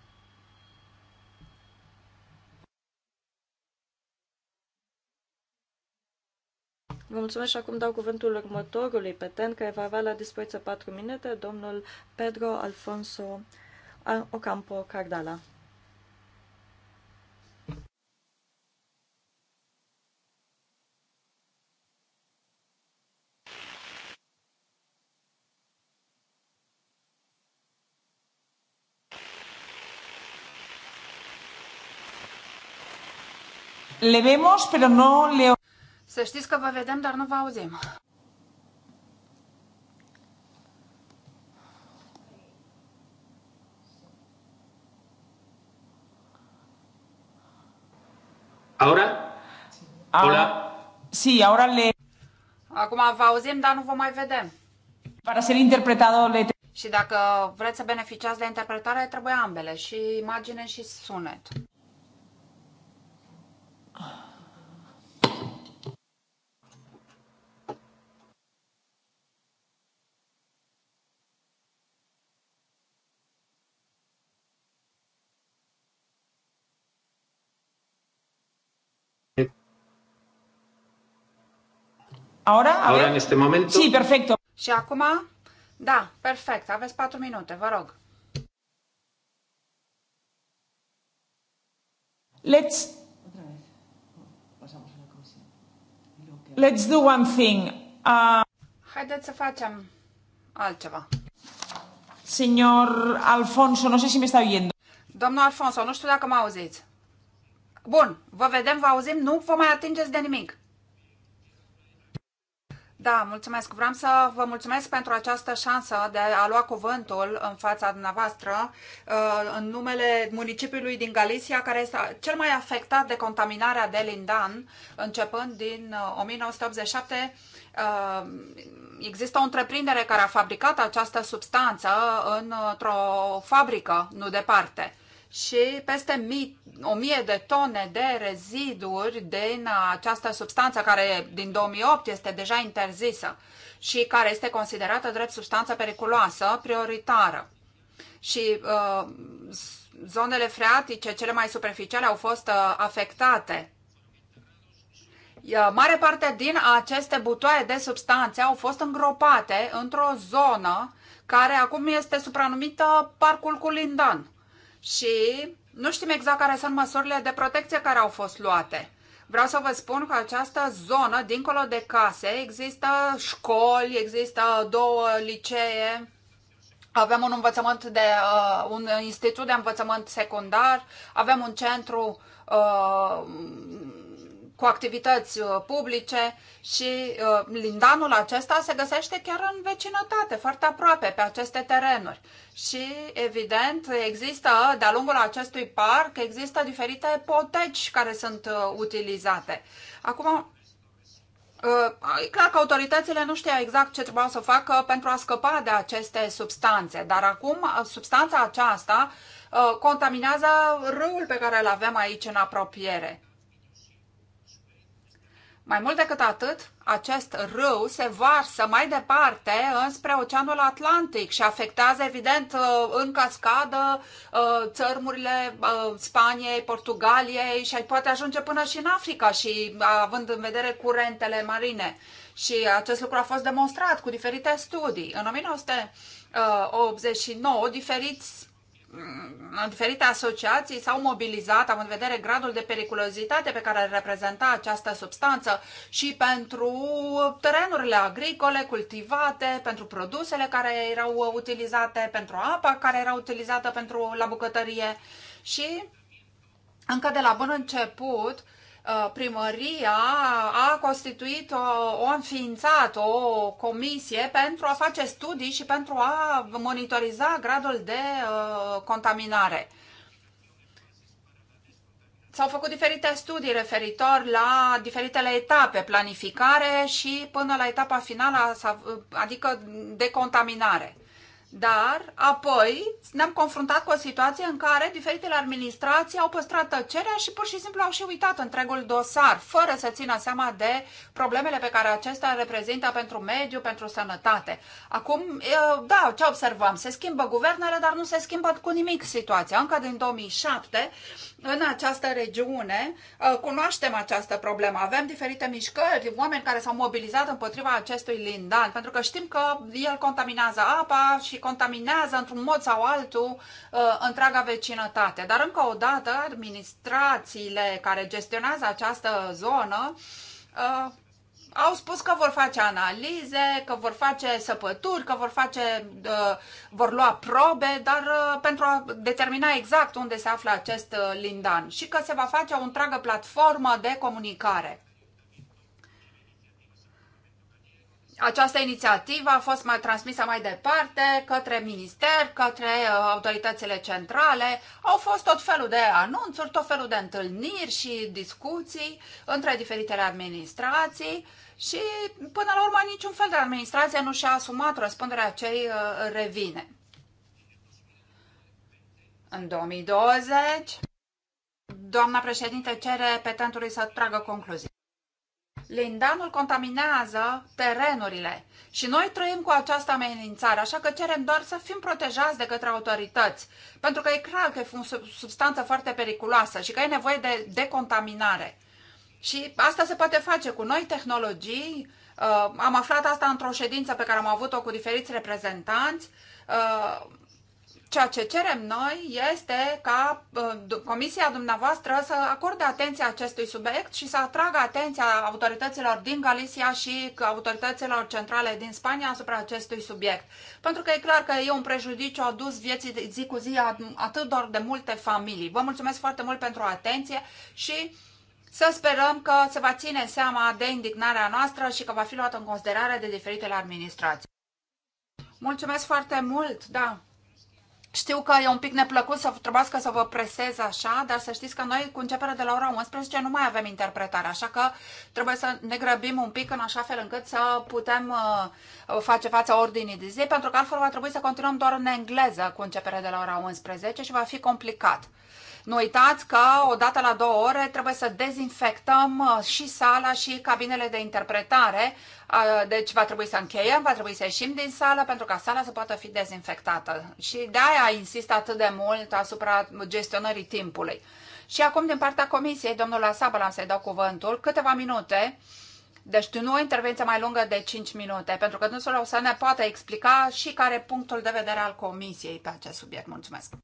Vă mulțumesc și acum dau cuvântul următorului peten care va avea la dispoziție 4 minute, domnul Pedro Alfonso Ocampo Cardala. Le vemos, pero no le... Să știți că vă vedem, dar nu vă auzim. Ahora? Ah, Hola. Sí, ahora le... Acum vă auzim, dar nu vă mai vedem. Para ser interpretado le... Și dacă vreți să beneficiați de interpretare, trebuie ambele, și imagine și sunet. Ahora, a Ahora ver. en este momento. Sí, perfecto. Și acum? Da, perfect. Aveți patru minute, vă rog. Let's Let's do one thing. Uh, Haideți să facem altceva. Señor Alfonso, no sé si me está oyendo. Domnul Alfonso, nu știu dacă mă auziți. Bun, vă vedem, vă auzim, nu vă mai atingeți de nimic. Da, mulțumesc. Vreau să vă mulțumesc pentru această șansă de a lua cuvântul în fața dumneavoastră uh, în numele municipiului din Galicia, care este cel mai afectat de contaminarea de lindan, începând din 1987. Uh, uh, există o întreprindere care a fabricat această substanță într-o fabrică, nu departe și peste 1.000 o mie de tone de reziduri din această substanță care din 2008 este deja interzisă și care este considerată drept substanță periculoasă prioritară. Și uh, zonele freatice cele mai superficiale au fost uh, afectate. Uh, mare parte din aceste butoaie de substanțe au fost îngropate într-o zonă care acum este supranumită Parcul Culindan și nu știm exact care sunt măsurile de protecție care au fost luate. Vreau să vă spun că această zonă, dincolo de case, există școli, există două licee, avem un învățământ de uh, un institut de învățământ secundar, avem un centru uh, cu activități uh, publice și uh, lindanul acesta se găsește chiar în vecinătate, foarte aproape, pe aceste terenuri. Și, evident, există, de-a lungul acestui parc, există diferite poteci care sunt uh, utilizate. Acum, E clar că autoritățile nu știau exact ce trebuia să facă pentru a scăpa de aceste substanțe, dar acum substanța aceasta contaminează râul pe care îl avem aici în apropiere. Mai mult decât atât, acest râu se varsă mai departe înspre Oceanul Atlantic și afectează, evident, uh, în cascadă uh, țărmurile uh, Spaniei, Portugaliei și poate ajunge până și în Africa și având în vedere curentele marine. Și acest lucru a fost demonstrat cu diferite studii. În 1989, diferiți Mm, diferite asociații s-au mobilizat, având în vedere gradul de periculozitate pe care îl reprezenta această substanță și pentru terenurile agricole cultivate, pentru produsele care erau utilizate, pentru apa care era utilizată pentru la bucătărie și încă de la bun început Uh, primăria a constituit, o, uh, o înființat, o comisie pentru a face studii și pentru a monitoriza gradul de uh, contaminare. S-au făcut diferite studii referitor la diferitele etape, planificare și până la etapa finală, adică decontaminare. Dar apoi ne-am confruntat cu o situație în care diferitele administrații au păstrat tăcerea și pur și simplu au și uitat întregul dosar, fără să țină seama de problemele pe care acestea reprezintă pentru mediu, pentru sănătate. Acum, da, ce observăm? Se schimbă guvernele, dar nu se schimbă cu nimic situația. Încă din 2007 în această regiune uh, cunoaștem această problemă. Avem diferite mișcări, oameni care s-au mobilizat împotriva acestui lindan, pentru că știm că el contaminează apa și contaminează într-un mod sau altul uh, întreaga vecinătate. Dar încă o dată, administrațiile care gestionează această zonă uh, au spus că vor face analize, că vor face săpături, că vor face, uh, vor lua probe, dar uh, pentru a determina exact unde se află acest uh, lindan și că se va face o întreagă platformă de comunicare. această inițiativă a fost mai transmisă mai departe către minister, către uh, autoritățile centrale. Au fost tot felul de anunțuri, tot felul de întâlniri și discuții între diferitele administrații și până la urmă niciun fel de administrație nu și-a asumat răspunderea ce uh, revine. În 2020, doamna președinte cere petentului să tragă concluzii. Lindanul contaminează terenurile și noi trăim cu această amenințare, așa că cerem doar să fim protejați de către autorități, pentru că e clar că e o substanță foarte periculoasă și că e nevoie de decontaminare. Și asta se poate face cu noi tehnologii. Uh, am aflat asta într-o ședință pe care am avut-o cu diferiți reprezentanți. Uh, Ceea ce cerem noi este ca comisia dumneavoastră să acorde atenție acestui subiect și să atragă atenția autorităților din Galicia și autorităților centrale din Spania asupra acestui subiect. Pentru că e clar că e un prejudiciu adus vieții zi cu zi atât doar de multe familii. Vă mulțumesc foarte mult pentru atenție și să sperăm că se va ține seama de indignarea noastră și că va fi luată în considerare de diferitele administrații. Mulțumesc foarte mult, da. Știu că e un pic neplăcut să trebuiască să vă presez așa, dar să știți că noi cu începerea de la ora 11 nu mai avem interpretare, așa că trebuie să ne grăbim un pic în așa fel încât să putem uh, face fața ordinii de zi, pentru că altfel va trebui să continuăm doar în engleză cu începerea de la ora 11 și va fi complicat. Nu uitați că odată la două ore trebuie să dezinfectăm uh, și sala și cabinele de interpretare, uh, deci va trebui să încheiem, va trebui să ieșim din sală pentru ca sala să poată fi dezinfectată. Și de aia insist atât de mult asupra gestionării timpului. Și acum din partea comisiei, domnul Asabal, am să-i dau cuvântul, câteva minute, deci nu o intervenție mai lungă de 5 minute, pentru că dânsul o să ne poată explica și care punctul de vedere al comisiei pe acest subiect. Mulțumesc!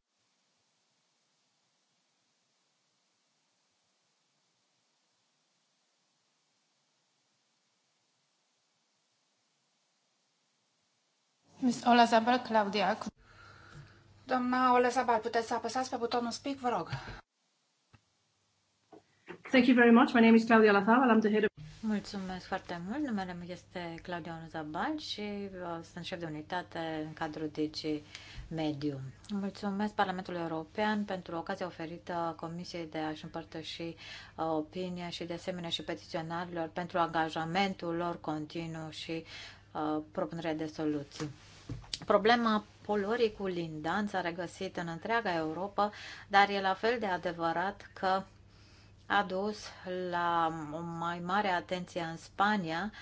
Miss Ola Zabal, Claudia. Doamna Ola Zabal, puteți să apăsați pe butonul speak, vă rog. Thank you very much. My name is Claudia Lazabal. I'm the head of... Mulțumesc foarte mult. Numele meu este Claudia Zabal și uh, sunt șef de unitate în cadrul DG Mediu. Mulțumesc Parlamentului European pentru ocazia oferită Comisiei de a-și împărtăși uh, opinia și de asemenea și petiționarilor pentru angajamentul lor continuu și uh, propunerea de soluții. Problema polorii cu lindan s-a regăsit în întreaga Europa, dar e la fel de adevărat că a dus la o mai mare atenție în Spania,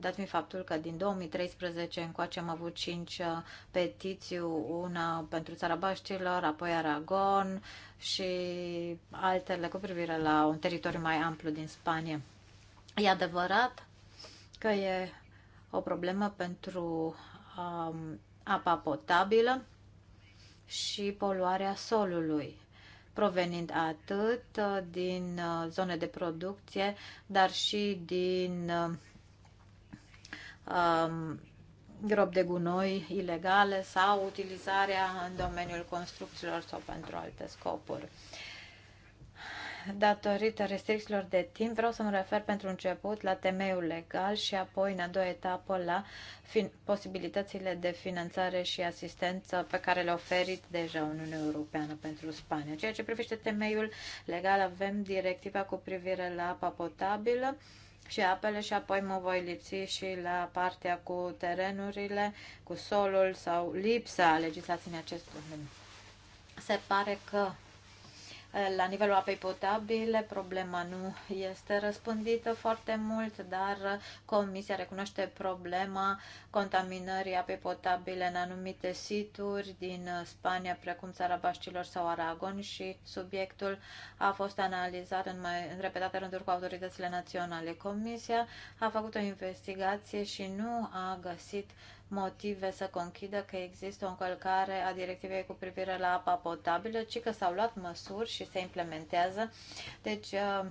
dat fiind faptul că din 2013 încoace am avut 5 uh, petiții, una pentru țara Baștilor, apoi Aragon și altele cu privire la un teritoriu mai amplu din Spania. E adevărat că e o problemă pentru um, apa potabilă și poluarea solului, provenind atât uh, din uh, zone de producție, dar și din uh, um, grob de gunoi ilegale sau utilizarea în domeniul construcțiilor sau pentru alte scopuri datorită restricțiilor de timp, vreau să mă refer pentru început la temeiul legal și apoi, în a doua etapă, la posibilitățile de finanțare și asistență pe care le-a oferit deja Uniunea Europeană pentru Spania. Ceea ce privește temeiul legal, avem directiva cu privire la apa potabilă și apele și apoi mă voi lipsi și la partea cu terenurile, cu solul sau lipsa legislației în acest domeniu. Se pare că la nivelul apei potabile problema nu este răspândită foarte mult, dar Comisia recunoaște problema contaminării apei potabile în anumite situri din Spania, precum țara Baștilor sau Aragon și subiectul a fost analizat în, mai, în repetate rânduri cu autoritățile naționale. Comisia a făcut o investigație și nu a găsit motive să conchidă că există o încălcare a directivei cu privire la apa potabilă, ci că s-au luat măsuri și se implementează. Deci, uh,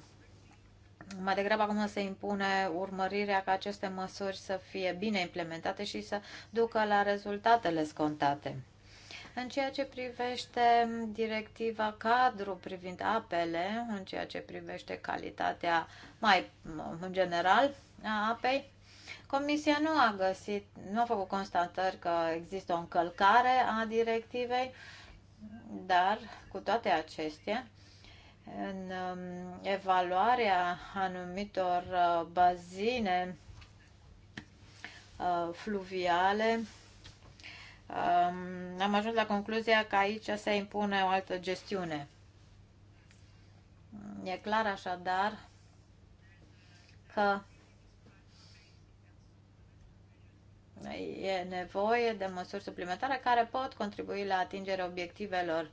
mai degrabă acum se impune urmărirea ca aceste măsuri să fie bine implementate și să ducă la rezultatele scontate. În ceea ce privește directiva cadru privind apele, în ceea ce privește calitatea mai în general a apei, Comisia nu a găsit, nu a făcut constatări că există o încălcare a directivei, dar cu toate acestea, în um, evaluarea anumitor uh, bazine uh, fluviale, um, am ajuns la concluzia că aici se impune o altă gestiune. E clar așadar că e nevoie de măsuri suplimentare care pot contribui la atingerea obiectivelor.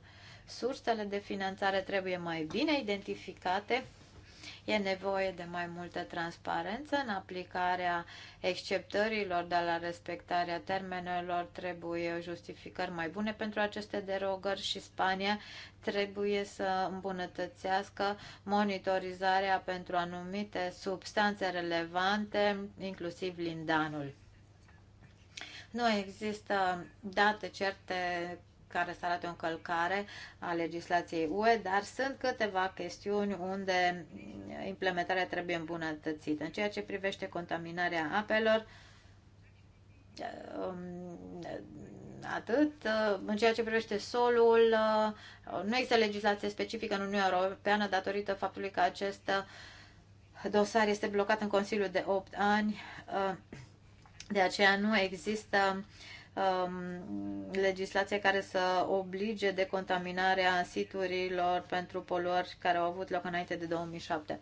Sursele de finanțare trebuie mai bine identificate, e nevoie de mai multă transparență în aplicarea exceptărilor de la respectarea termenelor, trebuie justificări mai bune pentru aceste derogări și Spania trebuie să îmbunătățească monitorizarea pentru anumite substanțe relevante, inclusiv lindanul. Nu există date certe care să arate o încălcare a legislației UE, dar sunt câteva chestiuni unde implementarea trebuie îmbunătățită. În ceea ce privește contaminarea apelor, um, atât. Uh, în ceea ce privește solul, uh, nu există legislație specifică în Uniunea Europeană datorită faptului că acest dosar este blocat în Consiliu de 8 ani. Uh, de aceea nu există um, legislație care să oblige decontaminarea siturilor pentru poluări care au avut loc înainte de 2007.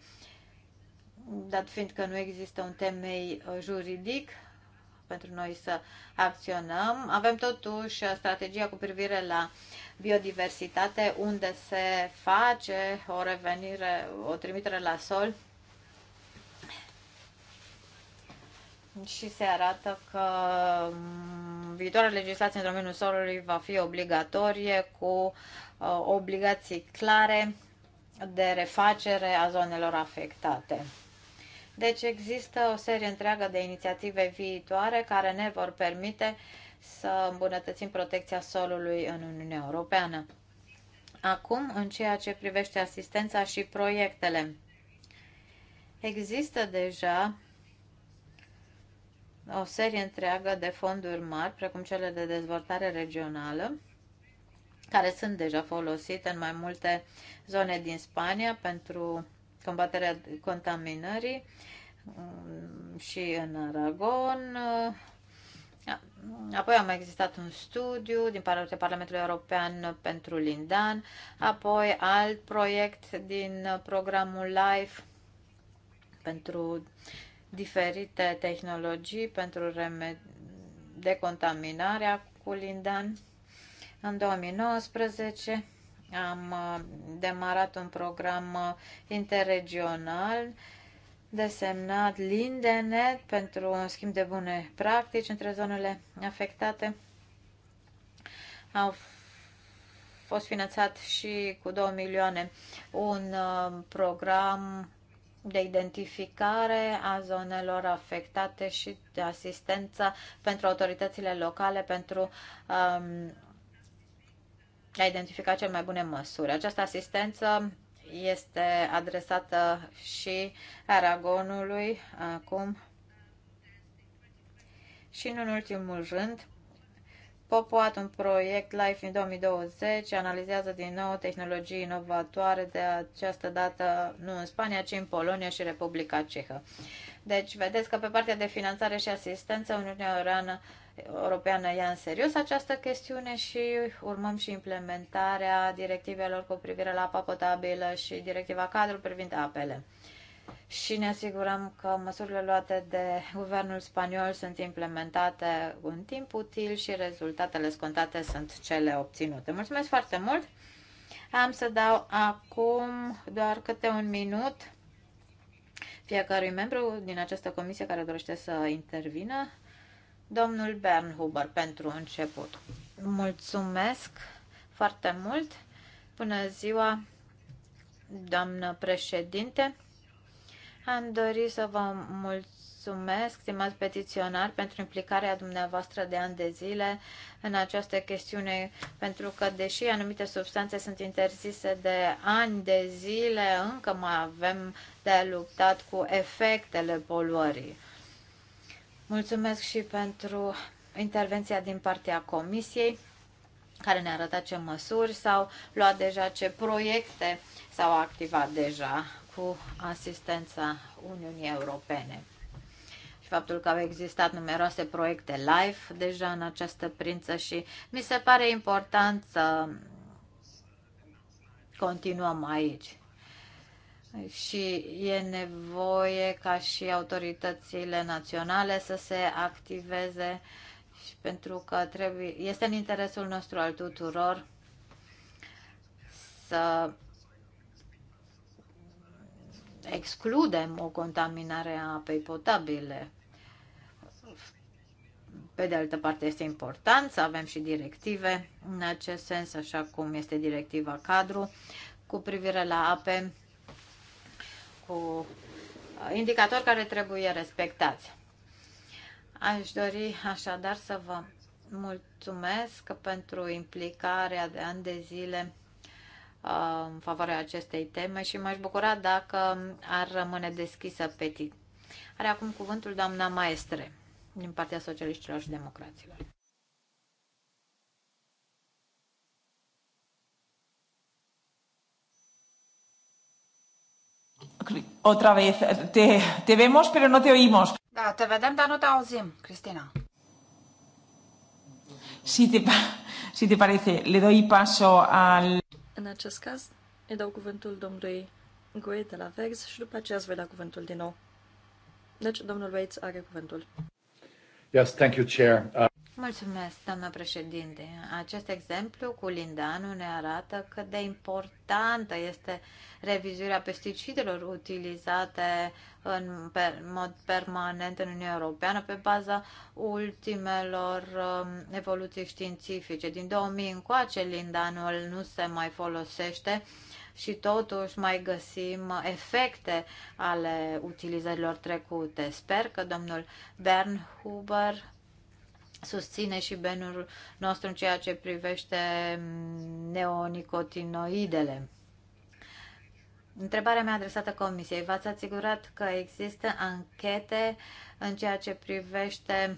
Dat fiind că nu există un temei uh, juridic pentru noi să acționăm, avem totuși uh, strategia cu privire la biodiversitate, unde se face o revenire, o trimitere la sol și se arată că mm, viitoarea legislație în domeniul solului va fi obligatorie cu uh, obligații clare de refacere a zonelor afectate. Deci există o serie întreagă de inițiative viitoare care ne vor permite să îmbunătățim protecția solului în Uniunea Europeană. Acum, în ceea ce privește asistența și proiectele, există deja o serie întreagă de fonduri mari, precum cele de dezvoltare regională, care sunt deja folosite în mai multe zone din Spania pentru combaterea contaminării mm, și în Aragon. Apoi a mai existat un studiu din partea Parlamentului European pentru Lindan, apoi alt proiect din programul LIFE pentru uh, diferite tehnologii pentru decontaminarea cu lindan. În 2019 am uh, demarat un program uh, interregional desemnat Lindenet pentru un schimb de bune practici între zonele afectate. Au fost finanțat și cu 2 milioane un uh, program de identificare a zonelor afectate și de asistență pentru autoritățile locale pentru um, a identifica cele mai bune măsuri. Această asistență este adresată și Aragonului acum și, în ultimul rând, POPOAT, un proiect LIFE în 2020, analizează din nou tehnologii inovatoare, de această dată nu în Spania, ci în Polonia și Republica Cehă. Deci, vedeți că pe partea de finanțare și asistență, Uniunea Europeană, Europeană ia în serios această chestiune și urmăm și implementarea directivelor cu privire la apa potabilă și directiva cadru privind apele și ne asigurăm că măsurile luate de guvernul spaniol sunt implementate în timp util și rezultatele scontate sunt cele obținute. Mulțumesc foarte mult! Am să dau acum doar câte un minut fiecărui membru din această comisie care dorește să intervină. Domnul Bernhuber, pentru început. Mulțumesc foarte mult! Bună ziua, doamnă președinte! Am dorit să vă mulțumesc, stimați petiționari, pentru implicarea dumneavoastră de ani de zile în această chestiune, pentru că, deși anumite substanțe sunt interzise de ani de zile, încă mai avem de luptat cu efectele poluării. Mulțumesc și pentru intervenția din partea Comisiei, care ne-a arătat ce măsuri s-au luat deja, ce proiecte s-au activat deja cu asistența Uniunii Europene. Și faptul că au existat numeroase proiecte live deja în această prință și mi se pare important să continuăm aici. Și e nevoie ca și autoritățile naționale să se activeze și pentru că trebuie, este în interesul nostru al tuturor să excludem o contaminare a apei potabile. Pe de altă parte, este important să avem și directive în acest sens, așa cum este directiva cadru cu privire la ape, cu indicatori care trebuie respectați. Aș dori așadar să vă mulțumesc pentru implicarea de ani de zile Uh, în favoarea acestei teme și m-aș bucura dacă ar rămâne deschisă petit. Are acum cuvântul doamna Maestre din partea socialiștilor și democraților. Otra vez, te, te vemos, pero no te oímos. Da, te vedem, dar nu te auzim, Cristina. Si te, si te parece, le doy paso al... În acest caz, îi dau cuvântul domnului Goe de la Vers și după aceea îți voi da cuvântul din nou. Deci, domnul Waits are cuvântul. Yes, thank you, Chair. Uh... Mulțumesc, doamnă președinte. Acest exemplu cu lindanul ne arată cât de importantă este revizuirea pesticidelor utilizate în per, mod permanent în Uniunea Europeană pe baza ultimelor um, evoluții științifice. Din 2000 încoace lindanul nu se mai folosește și totuși mai găsim efecte ale utilizărilor trecute. Sper că domnul Bernhuber susține și benul nostru în ceea ce privește neonicotinoidele. Întrebarea mea adresată Comisiei. V-ați asigurat că există anchete în ceea ce privește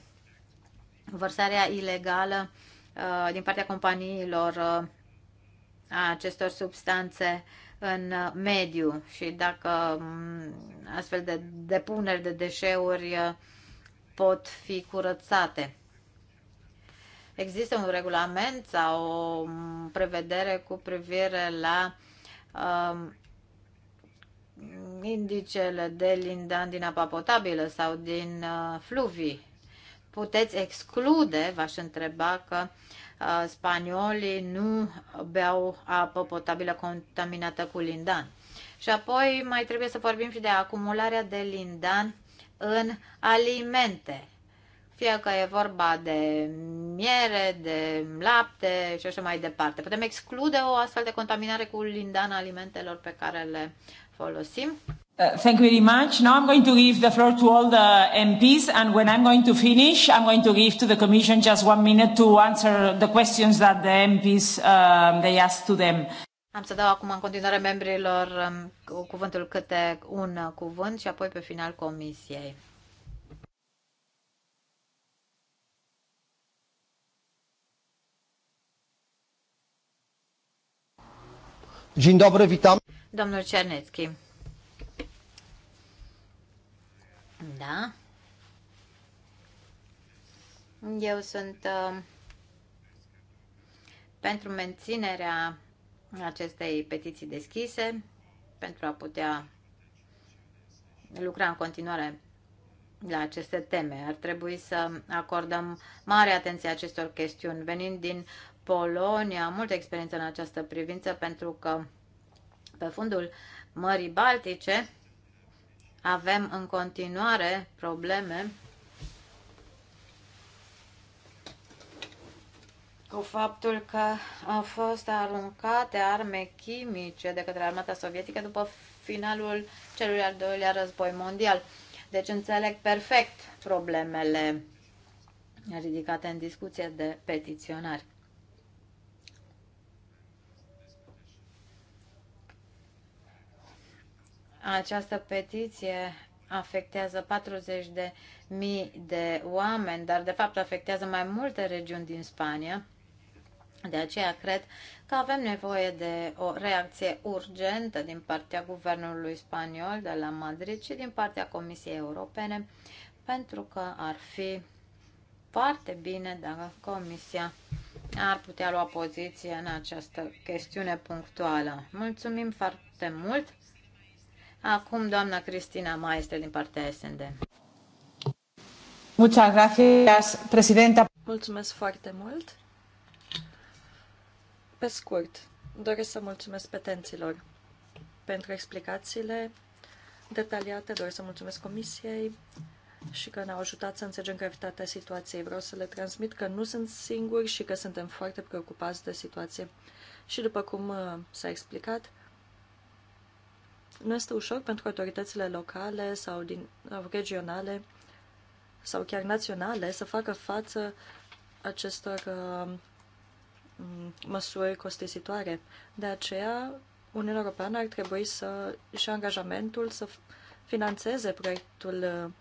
vărsarea ilegală uh, din partea companiilor uh, a acestor substanțe în uh, mediu și dacă um, astfel de depuneri de deșeuri pot fi curățate există un regulament sau o prevedere cu privire la uh, indicele de lindan din apa potabilă sau din uh, fluvii. Puteți exclude, v-aș întreba, că uh, spaniolii nu beau apă potabilă contaminată cu lindan. Și apoi mai trebuie să vorbim și de acumularea de lindan în alimente fie că e vorba de miere, de lapte și așa mai departe. Putem exclude o astfel de contaminare cu lindana alimentelor pe care le folosim. Uh, thank you very much. Now I'm going to give the floor to all the MPs and when I'm going to finish, I'm going to give to the Commission just one minute to answer the questions that the MPs uh, um, they asked to them. Am să dau acum în continuare membrilor um, cuvântul câte un cuvânt și apoi pe final comisiei. Dzień dobry, witam. Domnul Czarnecki. Da. Eu sunt uh, pentru menținerea acestei petiții deschise, pentru a putea lucra în continuare la aceste teme. Ar trebui să acordăm mare atenție acestor chestiuni, venind din Polonia am multă experiență în această privință pentru că pe fundul Mării Baltice avem în continuare probleme cu faptul că au fost aruncate arme chimice de către armata sovietică după finalul celui al doilea război mondial. Deci înțeleg perfect problemele ridicate în discuție de petiționari. Această petiție afectează 40 de mii de oameni, dar de fapt afectează mai multe regiuni din Spania. De aceea cred că avem nevoie de o reacție urgentă din partea guvernului spaniol de la Madrid și din partea Comisiei Europene, pentru că ar fi foarte bine dacă Comisia ar putea lua poziție în această chestiune punctuală. Mulțumim foarte mult! Acum doamna Cristina Maestre din partea SND. Muchas gracias, presidenta. Mulțumesc foarte mult. Pe scurt, doresc să mulțumesc petenților pentru explicațiile detaliate, doresc să mulțumesc comisiei și că ne-au ajutat să înțelegem gravitatea situației. Vreau să le transmit că nu sunt singuri și că suntem foarte preocupați de situație. Și după cum uh, s-a explicat, nu este ușor pentru autoritățile locale sau, din, regionale sau chiar naționale să facă față acestor uh, măsuri costisitoare. De aceea, Uniunea Europeană ar trebui să și angajamentul să financeze proiectul uh,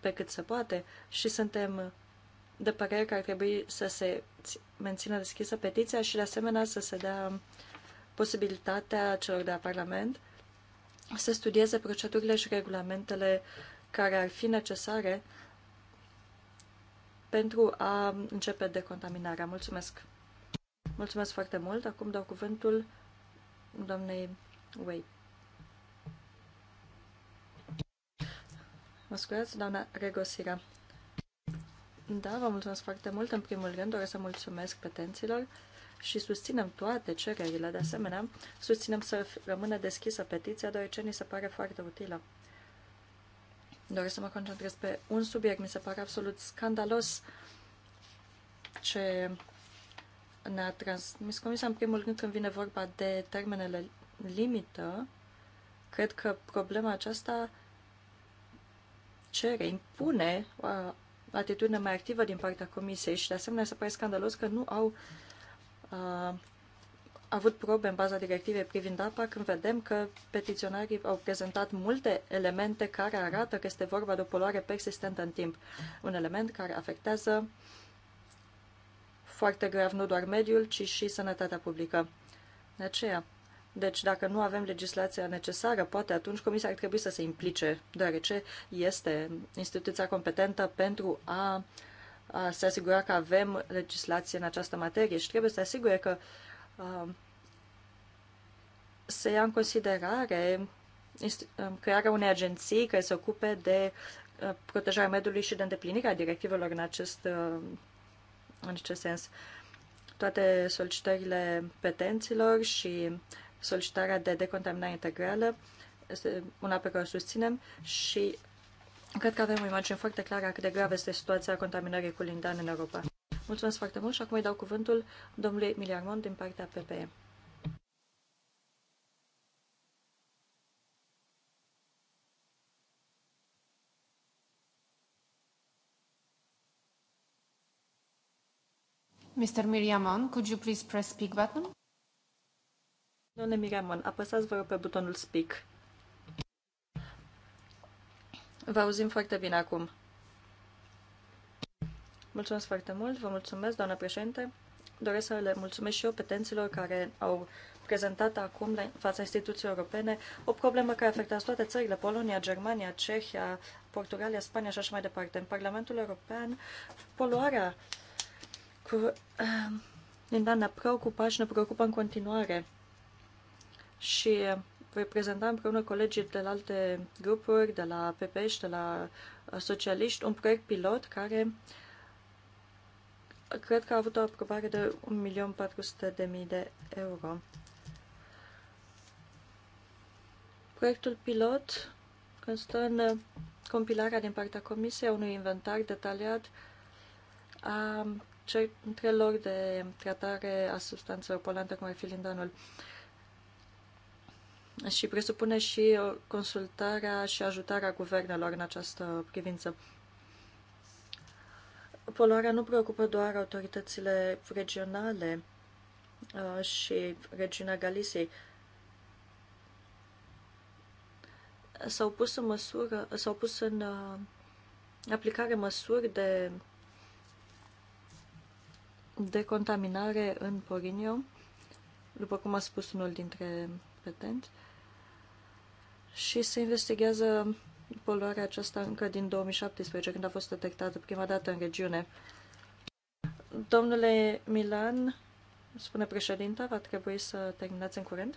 pe cât se poate și suntem de părere că ar trebui să se mențină deschisă petiția și de asemenea să se dea posibilitatea celor de la Parlament să studieze procedurile și regulamentele care ar fi necesare pentru a începe decontaminarea. Mulțumesc! Mulțumesc foarte mult! Acum dau cuvântul doamnei Wei. Mă scuzați, doamna Regosira. Da, vă mulțumesc foarte mult. În primul rând doresc să mulțumesc petenților și susținem toate cererile. De asemenea, susținem să rămână deschisă petiția, deoarece ni se pare foarte utilă. Doresc să mă concentrez pe un subiect. Mi se pare absolut scandalos ce ne-a transmis Comisia. În primul rând, când vine vorba de termenele limită, cred că problema aceasta cere, impune o uh, atitudine mai activă din partea Comisiei și, de asemenea, se pare scandalos că nu au uh, avut probe în baza directivei privind apa când vedem că petiționarii au prezentat multe elemente care arată că este vorba de o poluare persistentă în timp. Un element care afectează foarte grav nu doar mediul, ci și sănătatea publică. De aceea, deci dacă nu avem legislația necesară, poate atunci Comisia ar trebui să se implice, deoarece este instituția competentă pentru a uh, Uh, se asigura că avem legislație în această materie și trebuie să asigure că uh, se ia în considerare uh, crearea unei agenții care se ocupe de protejarea mediului și de îndeplinirea directivelor în acest, în acest sens. Toate solicitările petenților și solicitarea de decontaminare integrală este una pe care o susținem și Cred că avem o imagine foarte clară a cât de gravă este situația contaminării cu lindan în Europa. Mulțumesc foarte mult și acum îi dau cuvântul domnului Miliarmon din partea PPE. Mr. Miriamon, could you please press speak button? Domnule Miriamon, apăsați vă rog pe butonul speak. Vă auzim foarte bine acum. Mulțumesc foarte mult, vă mulțumesc, doamnă președinte. Doresc să le mulțumesc și eu petenților care au prezentat acum la fața instituției europene o problemă care afectează toate țările, Polonia, Germania, Cehia, Portugalia, Spania și așa mai departe. În Parlamentul European, poluarea cu, uh, din ne preocupa și ne preocupă în continuare. Și eh, voi prezenta împreună colegii de la alte grupuri, de la PP și de la uh, socialiști, un proiect pilot care uh, cred că a avut o aprobare de 1.400.000 de euro. Proiectul pilot constă în uh, compilarea din partea Comisiei a unui inventar detaliat a centrelor de tratare a substanțelor polante, cum ar fi lindanul. Uh, și presupune și uh, consultarea și ajutarea guvernelor în această privință. Poluarea nu preocupă doar autoritățile regionale uh, și regiunea Galisiei. S-au pus în măsură, s-au pus în uh, aplicare măsuri de decontaminare în Porinio, după cum a spus unul dintre petenți și se investigează poluarea aceasta încă din 2017, când a fost detectată prima dată în regiune. Domnule Milan, spune președinta, va trebui să terminați în curând.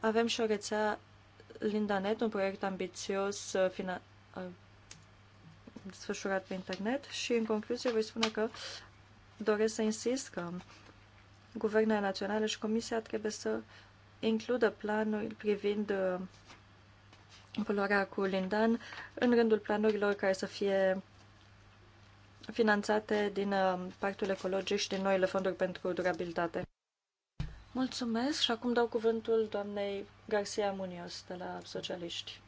Avem și o rețea Lindanet, un proiect ambițios uh, fina- uh, desfășurat pe internet și, în concluzie, voi spune că doresc să insist că guvernele naționale și Comisia trebuie să includă planul privind poluarea uh, cu lindan în rândul planurilor care să fie finanțate din uh, pactul ecologic și din noile fonduri pentru durabilitate. Mulțumesc și acum dau cuvântul doamnei Garcia Munoz de la Socialiști.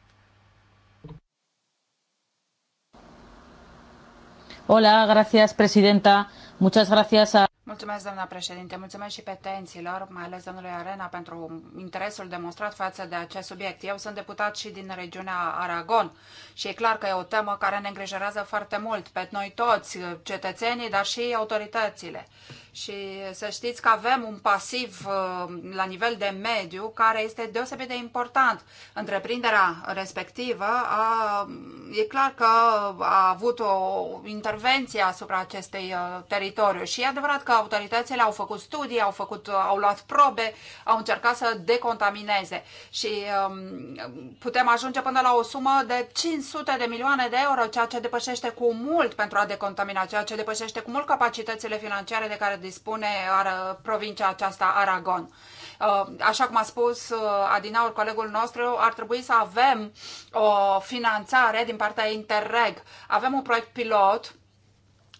Hola, gracias, presidenta. Muchas gracias a... Mulțumesc, doamna președinte. Mulțumesc și petenților, mai ales domnului Arena, pentru interesul demonstrat față de acest subiect. Eu sunt deputat și din regiunea Aragon și e clar că e o temă care ne îngrijorează foarte mult pe noi toți, cetățenii, dar și autoritățile. Și să știți că avem un pasiv uh, la nivel de mediu care este deosebit de important. Întreprinderea respectivă a, e clar că a avut o interpretare intervenție asupra acestui uh, teritoriu. Și e adevărat că autoritățile au făcut studii, au, făcut, uh, au luat probe, au încercat să decontamineze. Și um, putem ajunge până la o sumă de 500 de milioane de euro, ceea ce depășește cu mult pentru a decontamina, ceea ce depășește cu mult capacitățile financiare de care dispune uh, provincia aceasta Aragon așa cum a spus Adinaur, colegul nostru, ar trebui să avem o finanțare din partea Interreg. Avem un proiect pilot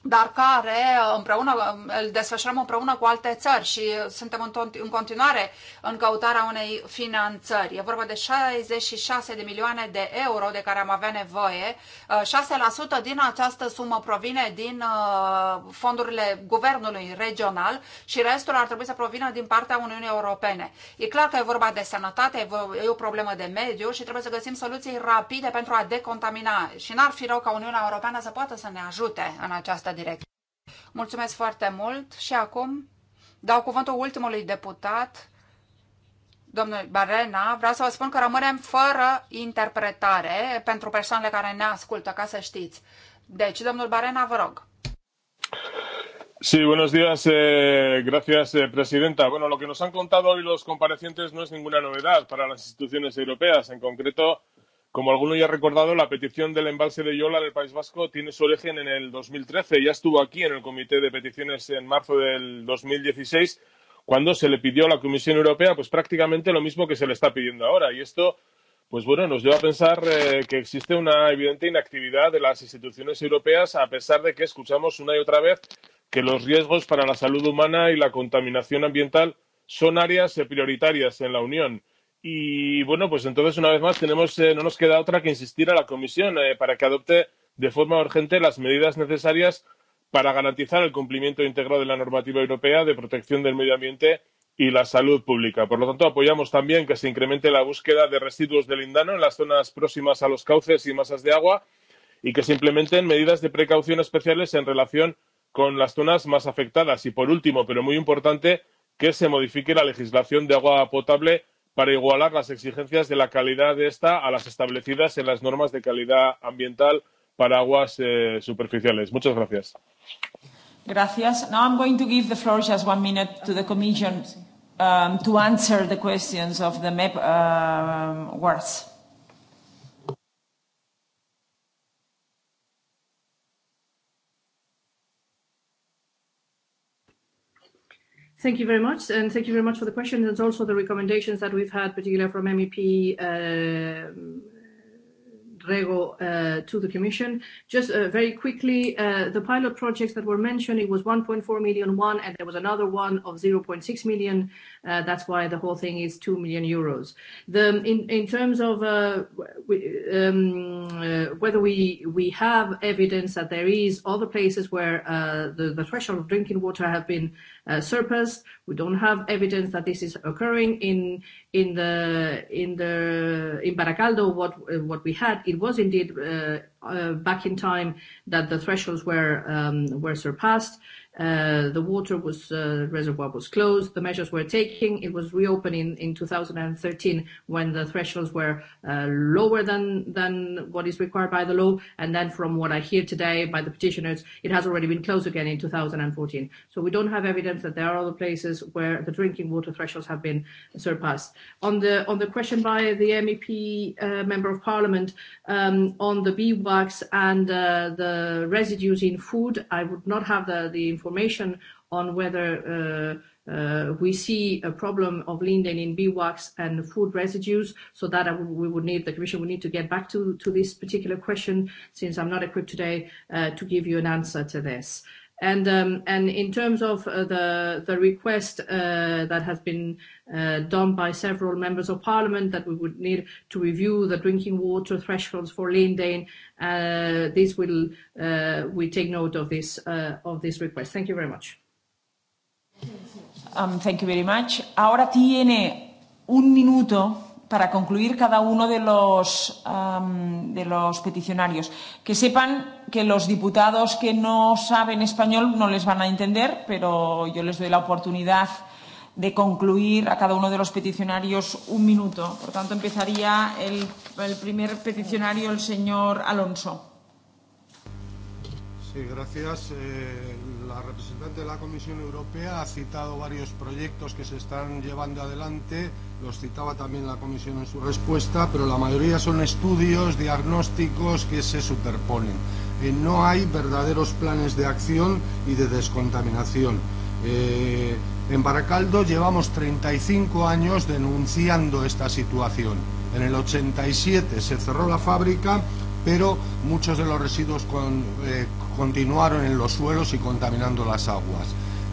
dar care uh, împreună, um, îl desfășurăm împreună cu alte țări și suntem în continuare în căutarea unei finanțări. E vorba de 66 de milioane de euro de care am avea nevoie. 6% uh, din această sumă provine din uh, fondurile guvernului regional și restul ar trebui să provină din partea Uniunii Europene. E clar că e vorba de sănătate, e o problemă de mediu și trebuie să găsim soluții rapide pentru a decontamina și n-ar fi rău ca Uniunea Europeană să poată să ne ajute în această direct. Mulțumesc foarte mult și acum dau cuvântul ultimului deputat, domnul Barena. Vreau să vă spun că rămânem fără interpretare pentru persoanele care ne ascultă, ca să știți. Deci, domnul Barena, vă rog. Sí, buenos días. Eh, gracias, eh, presidenta. Bueno, lo que nos han contado hoy los comparecientes no es ninguna novedad para las instituciones europeas. En concreto, Como alguno ya ha recordado, la petición del embalse de Yola en el País Vasco tiene su origen en el 2013. Ya estuvo aquí en el Comité de Peticiones en marzo del 2016, cuando se le pidió a la Comisión Europea pues prácticamente lo mismo que se le está pidiendo ahora. Y esto, pues bueno, nos lleva a pensar eh, que existe una evidente inactividad de las instituciones europeas, a pesar de que escuchamos una y otra vez que los riesgos para la salud humana y la contaminación ambiental son áreas prioritarias en la Unión Y bueno, pues entonces una vez más tenemos, eh, no nos queda otra que insistir a la Comisión eh, para que adopte de forma urgente las medidas necesarias para garantizar el cumplimiento íntegro de la normativa europea de protección del medio ambiente y la salud pública. Por lo tanto, apoyamos también que se incremente la búsqueda de residuos de lindano en las zonas próximas a los cauces y masas de agua y que se implementen medidas de precaución especiales en relación con las zonas más afectadas. Y por último, pero muy importante, que se modifique la legislación de agua potable para igualar las exigencias de la calidad de esta a las establecidas en las normas de calidad ambiental para aguas eh, superficiales. Muchas gracias. Gracias. Now I'm going to give the floor just one minute to the Commission um, to answer the questions of the MEP um, words. Thank you very much, and thank you very much for the questions and also the recommendations that we've had, particularly from MEP um, Rego uh, to the Commission. Just uh, very quickly, uh, the pilot projects that were mentioned, it was 1.4 million one, and there was another one of 0.6 million. Uh, that's why the whole thing is 2 million euros. The, in, in terms of uh, we, um, uh, whether we, we have evidence that there is other places where uh, the, the threshold of drinking water have been uh, surpassed, we don't have evidence that this is occurring in in the in the in Baracaldo. What what we had it was indeed uh, uh, back in time that the thresholds were um, surpassed. Uh, the water was uh, reservoir was closed. The measures were taking. It was reopening in 2013 when the thresholds were uh, lower than than what is required by the law. And then, from what I hear today by the petitioners, it has already been closed again in 2014. So we don't have evidence that there are other places where the drinking water thresholds have been surpassed. On the on the question by the MEP uh, member of Parliament um, on the beeswax and uh, the residues in food, I would not have the the information information on whether uh, uh, we see a problem of linden in bee wax and food residues. So that uh, we would need, the Commission would need to get back to, to this particular question since I'm not equipped today uh, to give you an answer to this. And, um, and in terms of uh, the, the request uh, that has been uh, done by several members of parliament that we would need to review the drinking water thresholds for Lindane, uh, this will, uh, we take note of this, uh, of this request. Thank you very much. Um, thank you very much. Ahora tiene un minuto para concluir cada uno de los, um, de los peticionarios. Que sepan que los diputados que no saben español no les van a entender, pero yo les doy la oportunidad de concluir a cada uno de los peticionarios un minuto. Por tanto, empezaría el, el primer peticionario, el señor Alonso. Sí, gracias. Eh, la representante de la Comisión Europea ha citado varios proyectos que se están llevando adelante, los citaba también la Comisión en su respuesta, pero la mayoría son estudios, diagnósticos que se superponen. Eh, no hay verdaderos planes de acción y de descontaminación. Eh, en Baracaldo llevamos 35 años denunciando esta situación. En el 87 se cerró la fábrica, pero muchos de los residuos con, eh, continuaron en los suelos y contaminando las aguas.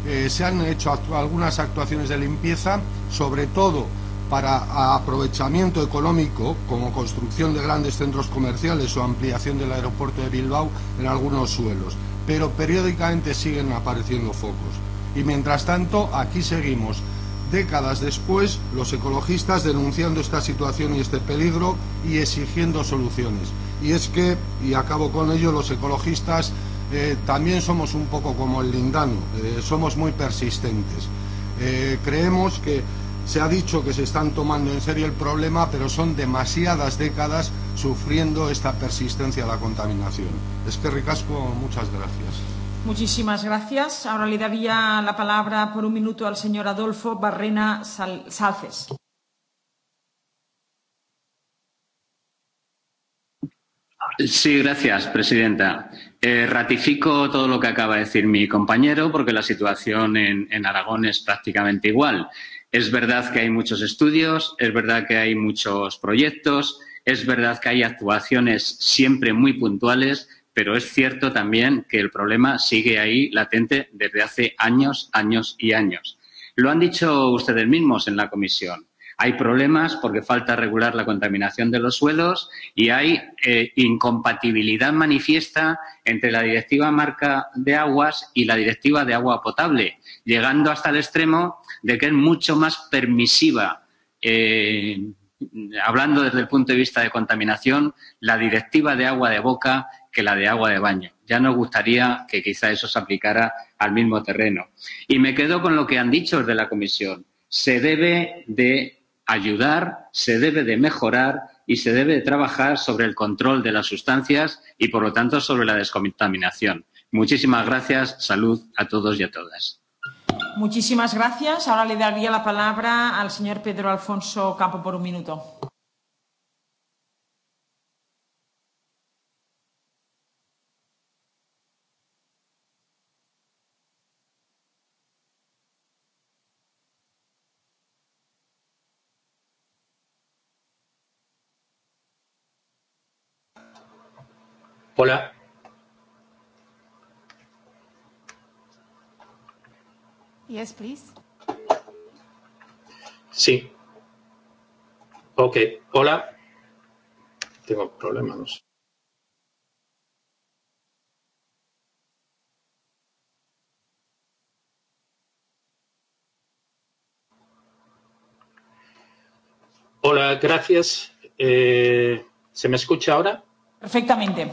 Eh, se han hecho actu algunas actuaciones de limpieza, sobre todo para aprovechamiento económico, como construcción de grandes centros comerciales o ampliación del aeropuerto de Bilbao en algunos suelos, pero periódicamente siguen apareciendo focos. Y mientras tanto, aquí seguimos, décadas después, los ecologistas denunciando esta situación y este peligro y exigiendo soluciones. Y es que, y acabo con ello, los ecologistas eh, también somos un poco como el lindano, eh, somos muy persistentes. Eh, creemos que se ha dicho que se están tomando en serio el problema, pero son demasiadas décadas sufriendo esta persistencia a la contaminación. Es que Ricasco, muchas gracias. Muchísimas gracias. Ahora le daría la palabra por un minuto al señor Adolfo Barrena Sal Salces. Sí, gracias, presidenta. Eh, ratifico todo lo que acaba de decir mi compañero, porque la situación en, en Aragón es prácticamente igual. Es verdad que hay muchos estudios, es verdad que hay muchos proyectos, es verdad que hay actuaciones siempre muy puntuales, pero es cierto también que el problema sigue ahí latente desde hace años, años y años. Lo han dicho ustedes mismos en la comisión. Hay problemas porque falta regular la contaminación de los suelos y hay eh, incompatibilidad manifiesta entre la Directiva Marca de Aguas y la Directiva de Agua Potable, llegando hasta el extremo de que es mucho más permisiva. Eh, hablando desde el punto de vista de contaminación, la directiva de agua de boca que la de agua de baño. Ya nos gustaría que quizá eso se aplicara al mismo terreno. Y me quedo con lo que han dicho de la comisión. Se debe de ayudar, se debe de mejorar y se debe de trabajar sobre el control de las sustancias y, por lo tanto, sobre la descontaminación. Muchísimas gracias. Salud a todos y a todas. Muchísimas gracias. Ahora le daría la palabra al señor Pedro Alfonso Campo por un minuto. hola Yes, please. Sí. Ok, hola. Tengo problemas, no sé. Hola, gracias. Eh, ¿Se me escucha ahora? Perfectamente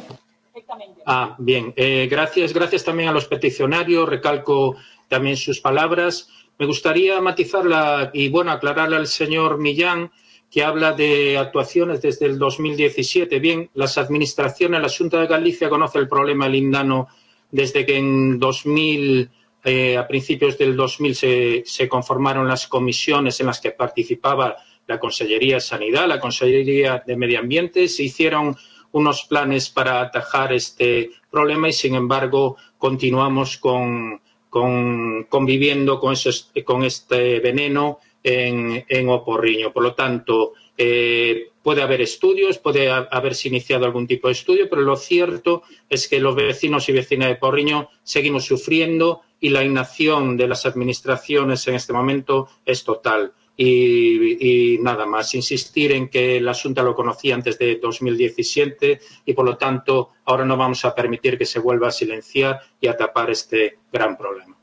perfectamente. Ah, bien. Eh, gracias, gracias también a los peticionarios. Recalco también sus palabras. Me gustaría matizarla y, bueno, aclararle al señor Millán que habla de actuaciones desde el 2017. Bien, las administraciones, la Junta de Galicia conoce el problema lindano desde que en 2000, eh, a principios del 2000, se, se conformaron las comisiones en las que participaba la Consellería de Sanidad, la Consellería de Medio Ambiente, se hicieron unos planes para atajar este problema y, sin embargo, continuamos con, con, conviviendo con, esos, con este veneno en, en Oporriño. Por lo tanto, eh, puede haber estudios, puede haberse iniciado algún tipo de estudio, pero lo cierto es que los vecinos y vecinas de Porriño seguimos sufriendo y la inacción de las administraciones en este momento es total. Y, y, nada más. Insistir en que el asunto lo conocía antes de 2017 y, por lo tanto, ahora no vamos a permitir que se vuelva a silenciar y a tapar este gran problema.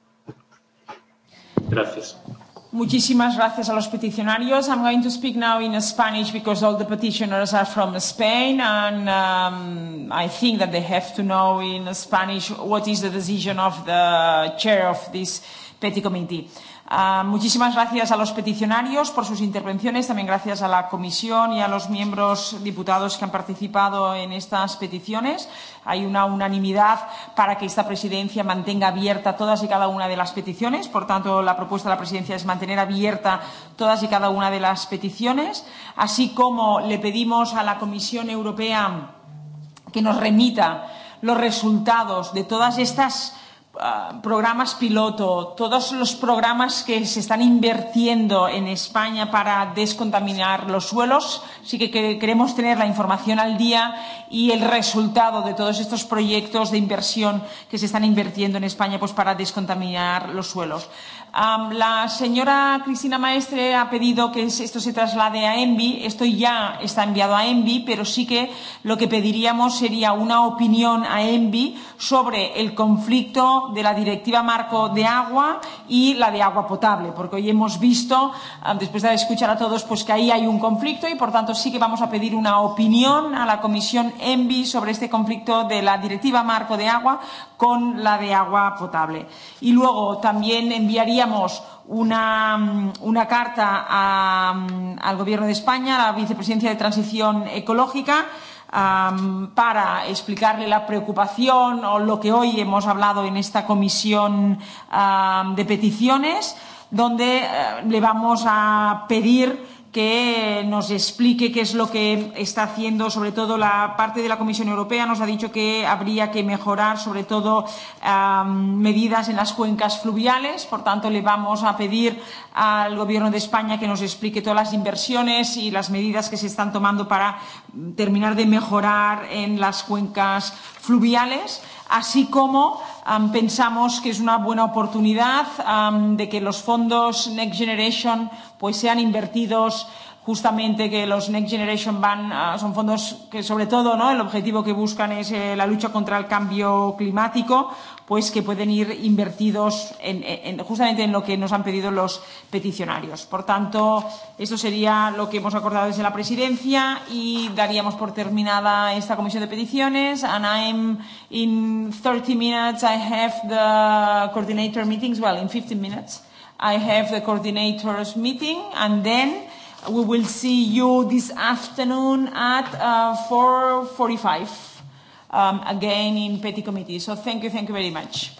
Gracias. Muchísimas gracias a los peticionarios. I'm going to speak now in Spanish because all the petitioners are from Spain and um, I think that they have to know in Spanish what is the decision of the chair of this petty committee. Uh, muchísimas gracias a los peticionarios por sus intervenciones, también gracias a la comisión y a los miembros diputados que han participado en estas peticiones. Hay una unanimidad para que esta presidencia mantenga abierta todas y cada una de las peticiones. Por tanto, la propuesta de la presidencia es mantener abierta todas y cada una de las peticiones, así como le pedimos a la Comisión Europea que nos remita los resultados de todas estas peticiones Ah, programas piloto, todos los programas que se están invirtiendo en España para descontaminar los suelos. Sí que queremos tener la información al día y el resultado de todos estos proyectos de inversión que se están invirtiendo en España pues, para descontaminar los suelos. Um, la señora Cristina Maestre ha pedido que esto se traslade a Envi. Esto ya está enviado a Envi, pero sí que lo que pediríamos sería una opinión a Envi sobre el conflicto de la directiva marco de agua y la de agua potable, porque hoy hemos visto, um, después de escuchar a todos, pues que ahí hay un conflicto y por tanto sí que vamos a pedir una opinión a la comisión Envi sobre este conflicto de la directiva marco de agua con la de agua potable. Y luego también enviaría enviamos una, una carta a, al Gobierno de España, a la Vicepresidencia de Transición Ecológica, um, para explicarle la preocupación o lo que hoy hemos hablado en esta comisión um, de peticiones, donde uh, le vamos a pedir uh, que nos explique qué es lo que está haciendo, sobre todo la parte de la Comisión Europea nos ha dicho que habría que mejorar, sobre todo, um, medidas en las cuencas fluviales. Por tanto, le vamos a pedir al Gobierno de España que nos explique todas las inversiones y las medidas que se están tomando para terminar de mejorar en las cuencas fluviales así como um, pensamos que es una buena oportunidad um, de que los fondos Next Generation pues, sean invertidos justamente que los Next Generation van uh, son fondos que sobre todo no el objetivo que buscan es eh, la lucha contra el cambio climático pues que pueden ir invertidos en, en, justamente en lo que nos han pedido los peticionarios. Por tanto, esto sería lo que hemos acordado desde la presidencia y daríamos por terminada esta comisión de peticiones. And I'm in 30 minutes I have the coordinator meetings. Well, in 15 minutes I have the coordinators meeting and then we will see you this afternoon at uh, 4.45 um, again in petty committee. So thank you, thank you very much.